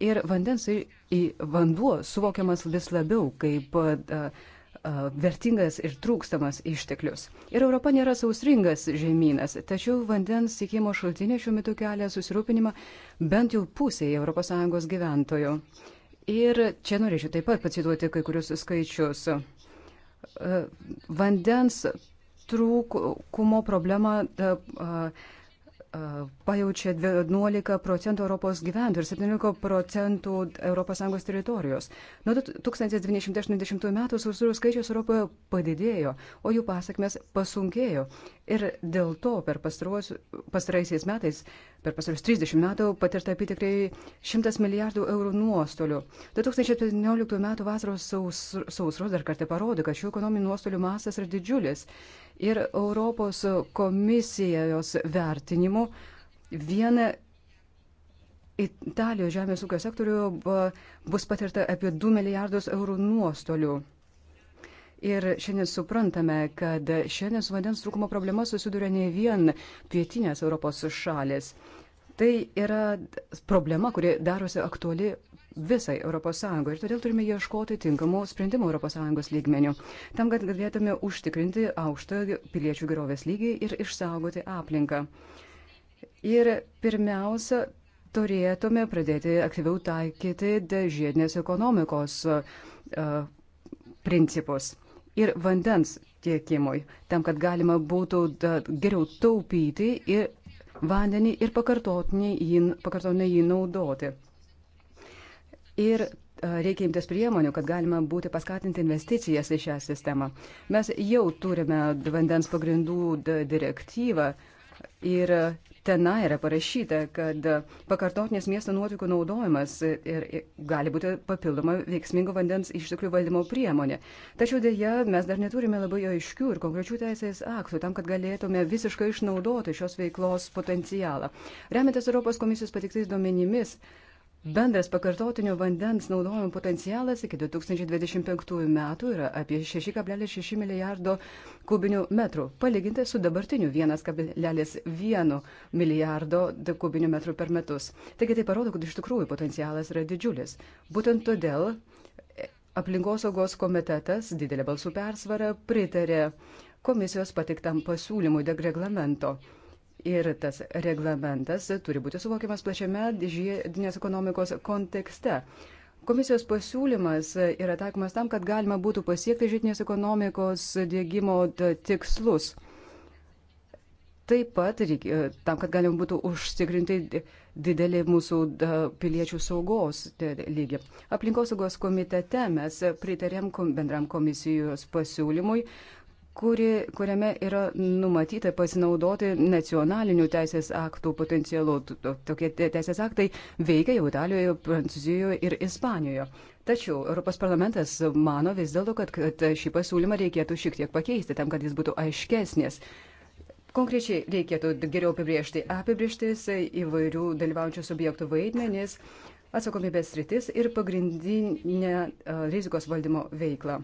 Ir vandens į vanduo suvokiamas vis labiau kaip uh, vertingas ir trūkstamas išteklius. Ir Europa nėra sausringas žemynas, tačiau vandens tikimo šaltinė šiuo metu kelia susirūpinimą bent jau pusėje ES gyventojų. Ir čia norėčiau taip pat pacituoti kai kurius skaičius. Vandens trūkumo problema pajaučia 11 procentų Europos gyventojų ir 17 procentų ES teritorijos. Nuo 1980 metų sausrų skaičius Europoje padidėjo, o jų pasakmes pasunkėjo. Ir dėl to per pastaraisiais metais Per pasarius 30 metų patirta apitikrai 100 milijardų eurų nuostolių. 2015 metų vasaros saus, sausros dar kartą parodė, kad šių ekonominių nuostolių masas yra didžiulis. Ir Europos komisijos vertinimu vieną Italijos žemės ūkio sektorių bus patirta apie 2 milijardus eurų nuostolių. Ir šiandien suprantame, kad šiandien su vandens trūkumo problema susiduria ne vien pietinės Europos šalis. Tai yra problema, kuri darosi aktuali visai ES ir todėl turime ieškoti tinkamų sprendimų ES lygmenių, tam, kad galėtume užtikrinti aukštą piliečių gerovės lygį ir išsaugoti aplinką. Ir pirmiausia, turėtume pradėti aktyviau taikyti žiedinės ekonomikos uh, principus ir vandens tiekimui, tam, kad galima būtų geriau taupyti ir vandenį ir pakartotinai jį, pakartotinai jį naudoti. Ir reikia imtis priemonių, kad galima būti paskatinti investicijas į šią sistemą. Mes jau turime vandens pagrindų direktyvą, Ir tenai yra parašyta, kad pakartotinės miesto nuotikų naudojimas ir gali būti papildoma veiksmingo vandens išteklių valdymo priemonė. Tačiau dėja, mes dar neturime labai aiškių ir konkrečių teisės aktų tam, kad galėtume visiškai išnaudoti šios veiklos potencialą. Remiantis Europos komisijos patiktais duomenimis, Bendras pakartotinio vandens naudojimo potencialas iki 2025 metų yra apie 6,6 milijardo kubinių metrų, palyginti su dabartiniu 1,1 milijardo kubinių metrų per metus. Taigi tai parodo, kad iš tikrųjų potencialas yra didžiulis. Būtent todėl aplinkosaugos komitetas didelė balsų persvara pritarė komisijos patiktam pasiūlymui deg reglamento. Ir tas reglamentas turi būti suvokiamas plačiame žiedinės ekonomikos kontekste. Komisijos pasiūlymas yra taikomas tam, kad galima būtų pasiekti žiedinės ekonomikos dėgymo tikslus. Taip pat reikia, tam, kad galima būtų užtikrinti didelį mūsų piliečių saugos lygį. Aplinkosaugos komitete mes pritarėm bendram komisijos pasiūlymui, kuri, kuriame yra numatyta pasinaudoti nacionalinių teisės aktų potencialu. Tokie teisės aktai veikia jau Italijoje, Prancūzijoje ir Ispanijoje. Tačiau Europos parlamentas mano vis dėlto, kad, kad šį pasiūlymą reikėtų šiek tiek pakeisti, tam, kad jis būtų aiškesnis. Konkrečiai reikėtų geriau apibriežti apibrieštis įvairių dalyvaujančių subjektų vaidmenis, atsakomybės rytis ir pagrindinę rizikos valdymo veiklą.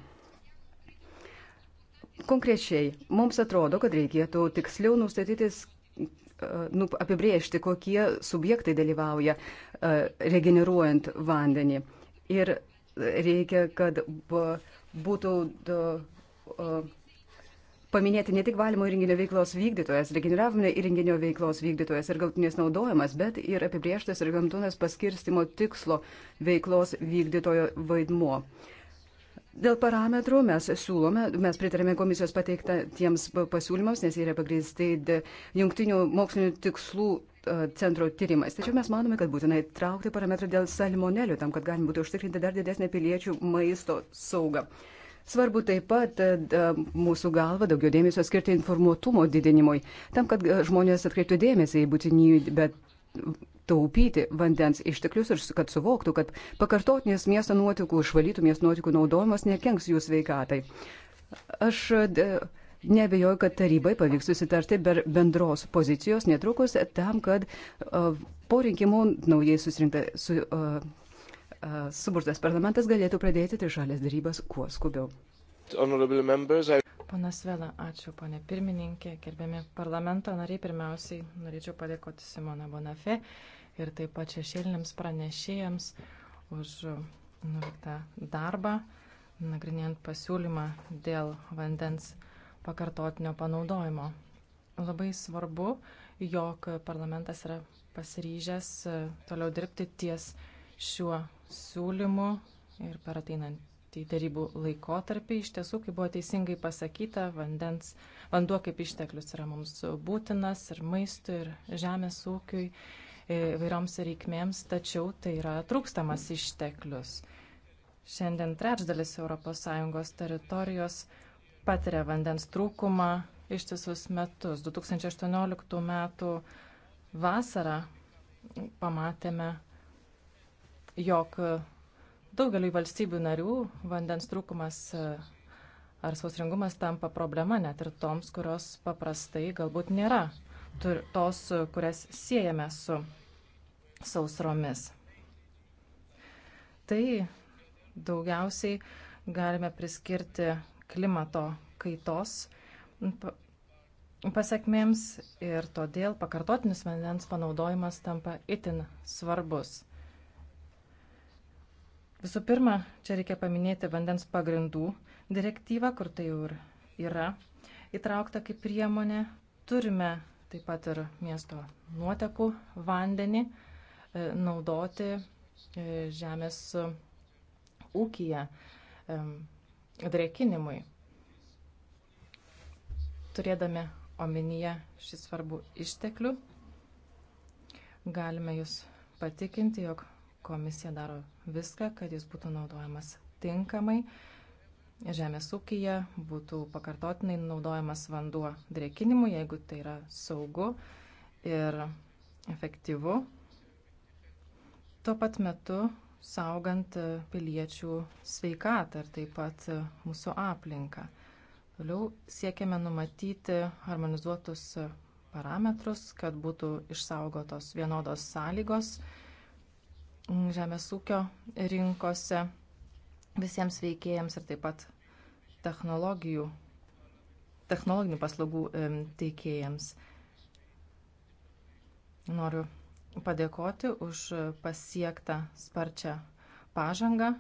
Konkrečiai, mums atrodo, kad reikėtų tiksliau nustatyti e, nu, apibriežti, kokie subjektai dalyvauja e, regeneruojant vandenį. Ir reikia, kad būtų paminėti ne tik valymo įrenginio veiklos vykdytojas, regeneravimo įrenginio veiklos vykdytojas ir galtinės naudojimas, bet ir apibrieštas ir gamtūnas paskirstimo tikslo veiklos vykdytojo vaidmuo. Uh, Dėl parametrų mes siūlome, mes pritarėme komisijos pateiktą tiems pasiūlymams, nes jie yra pagrįsti jungtinių mokslinių tikslų centro tyrimais. Tačiau mes manome, kad būtina įtraukti parametrą dėl salmonelių, tam, kad galima būtų užtikrinti dar didesnę piliečių maisto saugą. Svarbu taip pat mūsų galva daugiau dėmesio skirti informuotumo didinimui, tam, kad žmonės atkreiptų dėmesį į būtinybę taupyti vandens išteklius ir kad suvoktų, kad pakartotinės miesto nuotikų, išvalytų miesto nuotikų naudojimas nekenks jų sveikatai. Aš e, nebejoju, kad tarybai pavyks susitarti be bendros pozicijos netrukus tam, kad e, po rinkimų naujai susirinkta, su, uh, uh, suburtas parlamentas galėtų pradėti trišalės darybas kuo skubiau. Panas Vela, ačiū, ponė pirmininkė, gerbiami parlamento nariai. Pirmiausiai norėčiau padėkoti Simona Bonafė ir taip pat šešėliniams pranešėjams už nuveiktą darbą, nagrinėjant pasiūlymą dėl vandens pakartotinio panaudojimo. Labai svarbu, jog parlamentas yra pasiryžęs toliau dirbti ties šiuo siūlymu ir per ateinant tai darybų laikotarpį. Iš tiesų, kaip buvo teisingai pasakyta, vandens, vanduo kaip išteklius yra mums būtinas ir maistui, ir žemės ūkiui, e, įvairioms reikmėms, tačiau tai yra trūkstamas išteklius. Šiandien trečdalis ES teritorijos patiria vandens trūkumą ištisus metus. 2018 metų vasarą pamatėme, jog Daugeliu valstybių narių vandens trūkumas e, ar sausringumas tampa problema net ir toms, kurios paprastai galbūt nėra tos, kurias siejame su sausromis. Tai daugiausiai galime priskirti klimato kaitos pasiekmėms ir todėl pakartotinis vandens panaudojimas tampa itin svarbus. Visų pirma, čia reikia paminėti vandens pagrindų direktyvą, kur tai jau ir yra įtraukta kaip priemonė. Turime taip pat ir miesto nuotekų vandenį e, naudoti e, žemės ūkija e, drekinimui. Turėdami omenyje šį svarbų išteklių, galime jūs patikinti, jog Komisija daro viską, kad jis būtų naudojamas tinkamai. Žemės ūkija būtų pakartotinai naudojamas vanduo drėkinimui, jeigu tai yra saugu ir efektyvu. Tuo pat metu saugant piliečių sveikatą ir taip pat mūsų aplinką. Toliau siekiame numatyti harmonizuotus parametrus, kad būtų išsaugotos vienodos sąlygos žemės ūkio rinkose visiems veikėjams ir taip pat technologijų, technologinių paslaugų teikėjams. Noriu padėkoti už pasiektą sparčią pažangą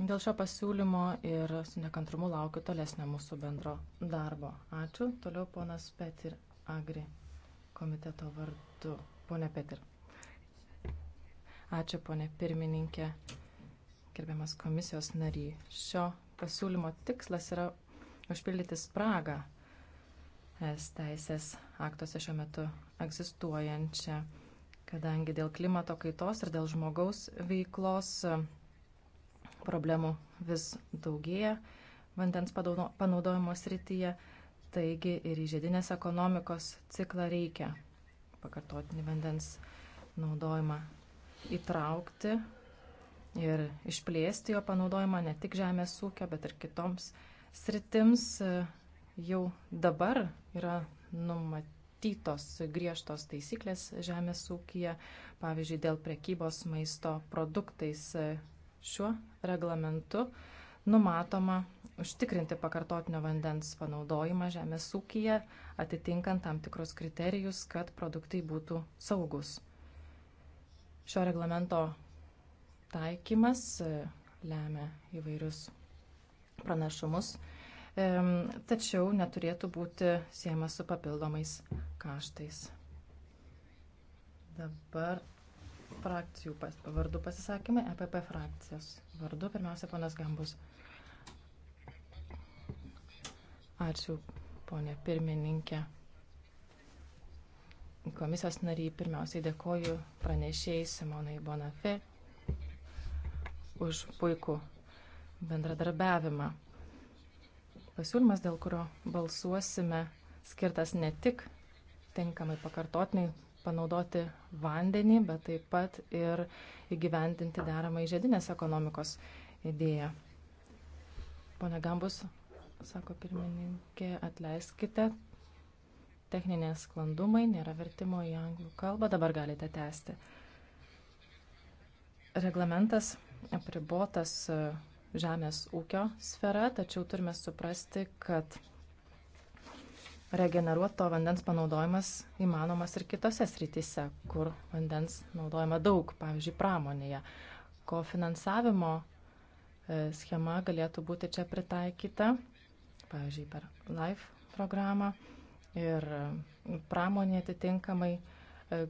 dėl šio pasiūlymo ir su nekantrumu laukiu tolesnio mūsų bendro darbo. Ačiū. Toliau ponas Petir Agri komiteto vardu. Pone Petir. Ačiū, ponė pirmininkė, gerbiamas komisijos nary. Šio pasiūlymo tikslas yra užpildyti spragą es teisės aktuose šiuo metu egzistuojančią, kadangi dėl klimato kaitos ir dėl žmogaus veiklos e, problemų vis daugėja vandens panaudojimo srityje, taigi ir į žiedinės ekonomikos ciklą reikia pakartotinį vandens naudojimą įtraukti ir išplėsti jo panaudojimą ne tik žemės ūkio, bet ir kitoms sritims. Jau dabar yra numatytos griežtos taisyklės žemės ūkija, pavyzdžiui, dėl prekybos maisto produktais šiuo reglamentu numatoma užtikrinti pakartotinio vandens panaudojimą žemės ūkija, atitinkant tam tikrus kriterijus, kad produktai būtų saugus. Šio reglamento taikymas e, lemia įvairius pranašumus, tačiau neturėtų būti siejamas su papildomais kaštais. Dabar frakcijų pas, vardu pasisakymai, EPP frakcijos vardu, pirmiausia, ponas Gambus. Ačiū, ponė pirmininkė komisijos nariai, pirmiausiai dėkoju pranešėjai Simonai Bonafė už puikų bendradarbiavimą. Pasiūlymas, dėl kurio balsuosime, skirtas ne tik tinkamai pakartotinai panaudoti vandenį, bet taip pat ir įgyvendinti deramą įžėdinės ekonomikos idėją. Pone Gambus, sako pirmininkė, atleiskite, techninės sklandumai, nėra vertimo į anglų kalbą, dabar galite tęsti. Reglamentas apribotas e, žemės ūkio sfera, tačiau turime suprasti, kad regeneruoto vandens panaudojimas įmanomas ir kitose srityse, kur vandens naudojama daug, pavyzdžiui, pramonėje. Kofinansavimo e, schema galėtų būti čia pritaikyta, pavyzdžiui, per LIFE programą ir e, pramonė atitinkamai e,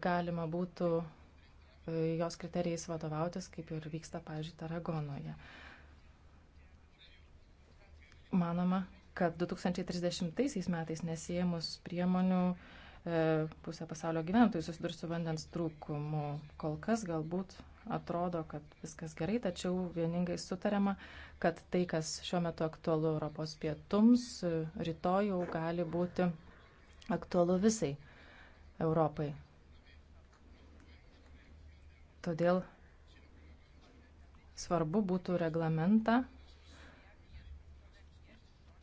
galima būtų e, jos kriterijais vadovautis, kaip ir vyksta, pavyzdžiui, Taragonoje. Manoma, kad 2030 metais nesijėmus priemonių pusė pasaulio gyventojų susidurs su vandens trūkumu. Kol kas galbūt atrodo, kad viskas gerai, tačiau vieningai sutarėma, kad tai, kas šiuo metu aktualu Europos pietums, rytoj jau gali būti aktualu visai Europai. Todėl svarbu būtų reglamentą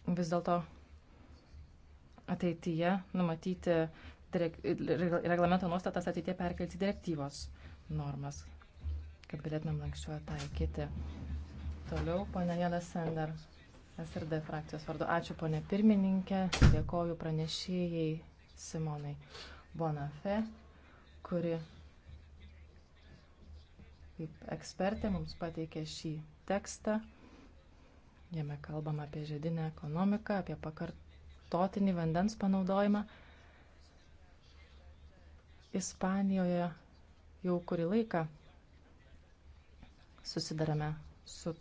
vis dėlto ateityje numatyti direk, reglamento nuostatas ateityje perkelti direktyvos normas, kad galėtumėm lankščiau taikyti. Toliau, ponia Jela Sender. SRD frakcijos vardu. Ačiū, ponė pirmininkė. Dėkoju pranešėjai Simonai Bonafe, kuri kaip ekspertė mums pateikė šį tekstą. Jame kalbam apie žiedinę ekonomiką, apie pakartotinį vandens panaudojimą. Ispanijoje jau kurį laiką susidarėme su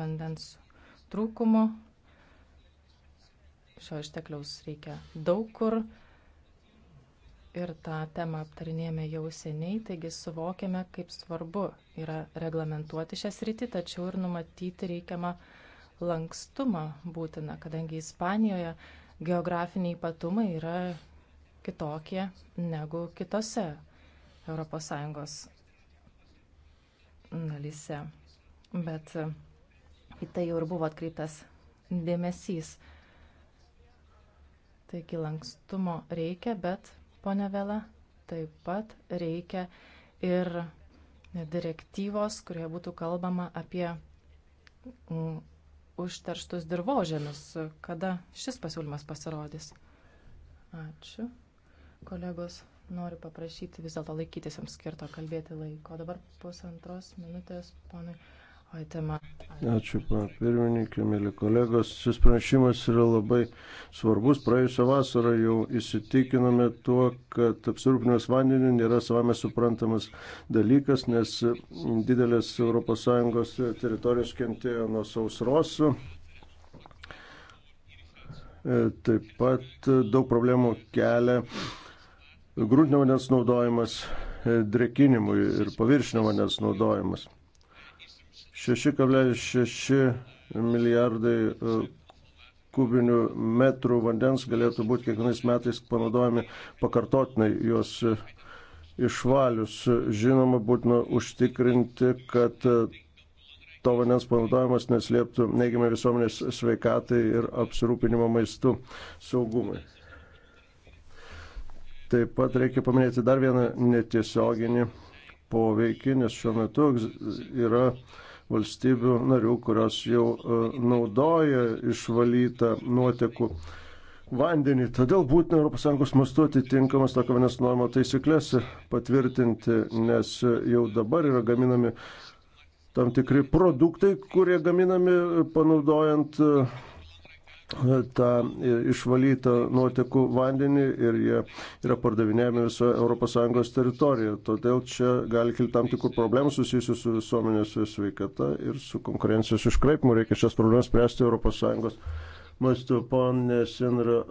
vandens trūkumu. Šio ištekliaus reikia daug kur ir tą temą aptarinėjame jau seniai, taigi suvokiame, kaip svarbu yra reglamentuoti šią sritį, tačiau ir numatyti reikiamą lankstumą būtina, kadangi Ispanijoje geografiniai ypatumai yra kitokie negu kitose ES dalyse. Bet į tai jau ir buvo atkreiptas dėmesys. Taigi lankstumo reikia, bet, ponia Vela, taip pat reikia ir direktyvos, kurioje būtų kalbama apie mm, užterštus dirbožėlius. Kada šis pasiūlymas pasirodys? Ačiū. Kolegos, noriu paprašyti vis dėlto laikytis jums skirto kalbėti laiko. Dabar pusantros minutės, ponai. O tema. Ačiū, pana pirmininkė, mėly kolegos. Šis pranešimas yra labai svarbus. Praėjusią vasarą jau įsitikinome tuo, kad apsirūpinimas vandeniu nėra savame suprantamas dalykas, nes didelės ES teritorijos kentėjo nuo sausros. E, taip pat daug problemų kelia grūtinio vandens naudojimas e, drekinimui ir paviršinio vandens naudojimas. 6,6 milijardai e, kubinių metrų vandens galėtų būti kiekvienais metais panaudojami pakartotinai juos e, išvalius. Žinoma, būtina užtikrinti, kad e, to vandens panaudojimas neslėptų neigiamai visuomenės sveikatai ir apsirūpinimo maistu saugumui. Taip pat reikia paminėti dar vieną netiesioginį poveikį, nes šiuo metu yra uh, valstybių narių, kurios jau e, naudoja išvalytą nuotekų vandenį. Todėl būtina ES mastu atitinkamas tokio vandens normų taisyklės patvirtinti, nes jau dabar yra gaminami tam tikri produktai, kurie gaminami panaudojant tą išvalytą nuotekų vandenį ir jie yra pardavinėjami visoje ES teritorijoje. Todėl čia gali kilti tam tikrų problemų susijusių su visuomenės sveikata ir su konkurencijos iškraipimu. Reikia šias problemas spręsti ES mastu. Pone Sinra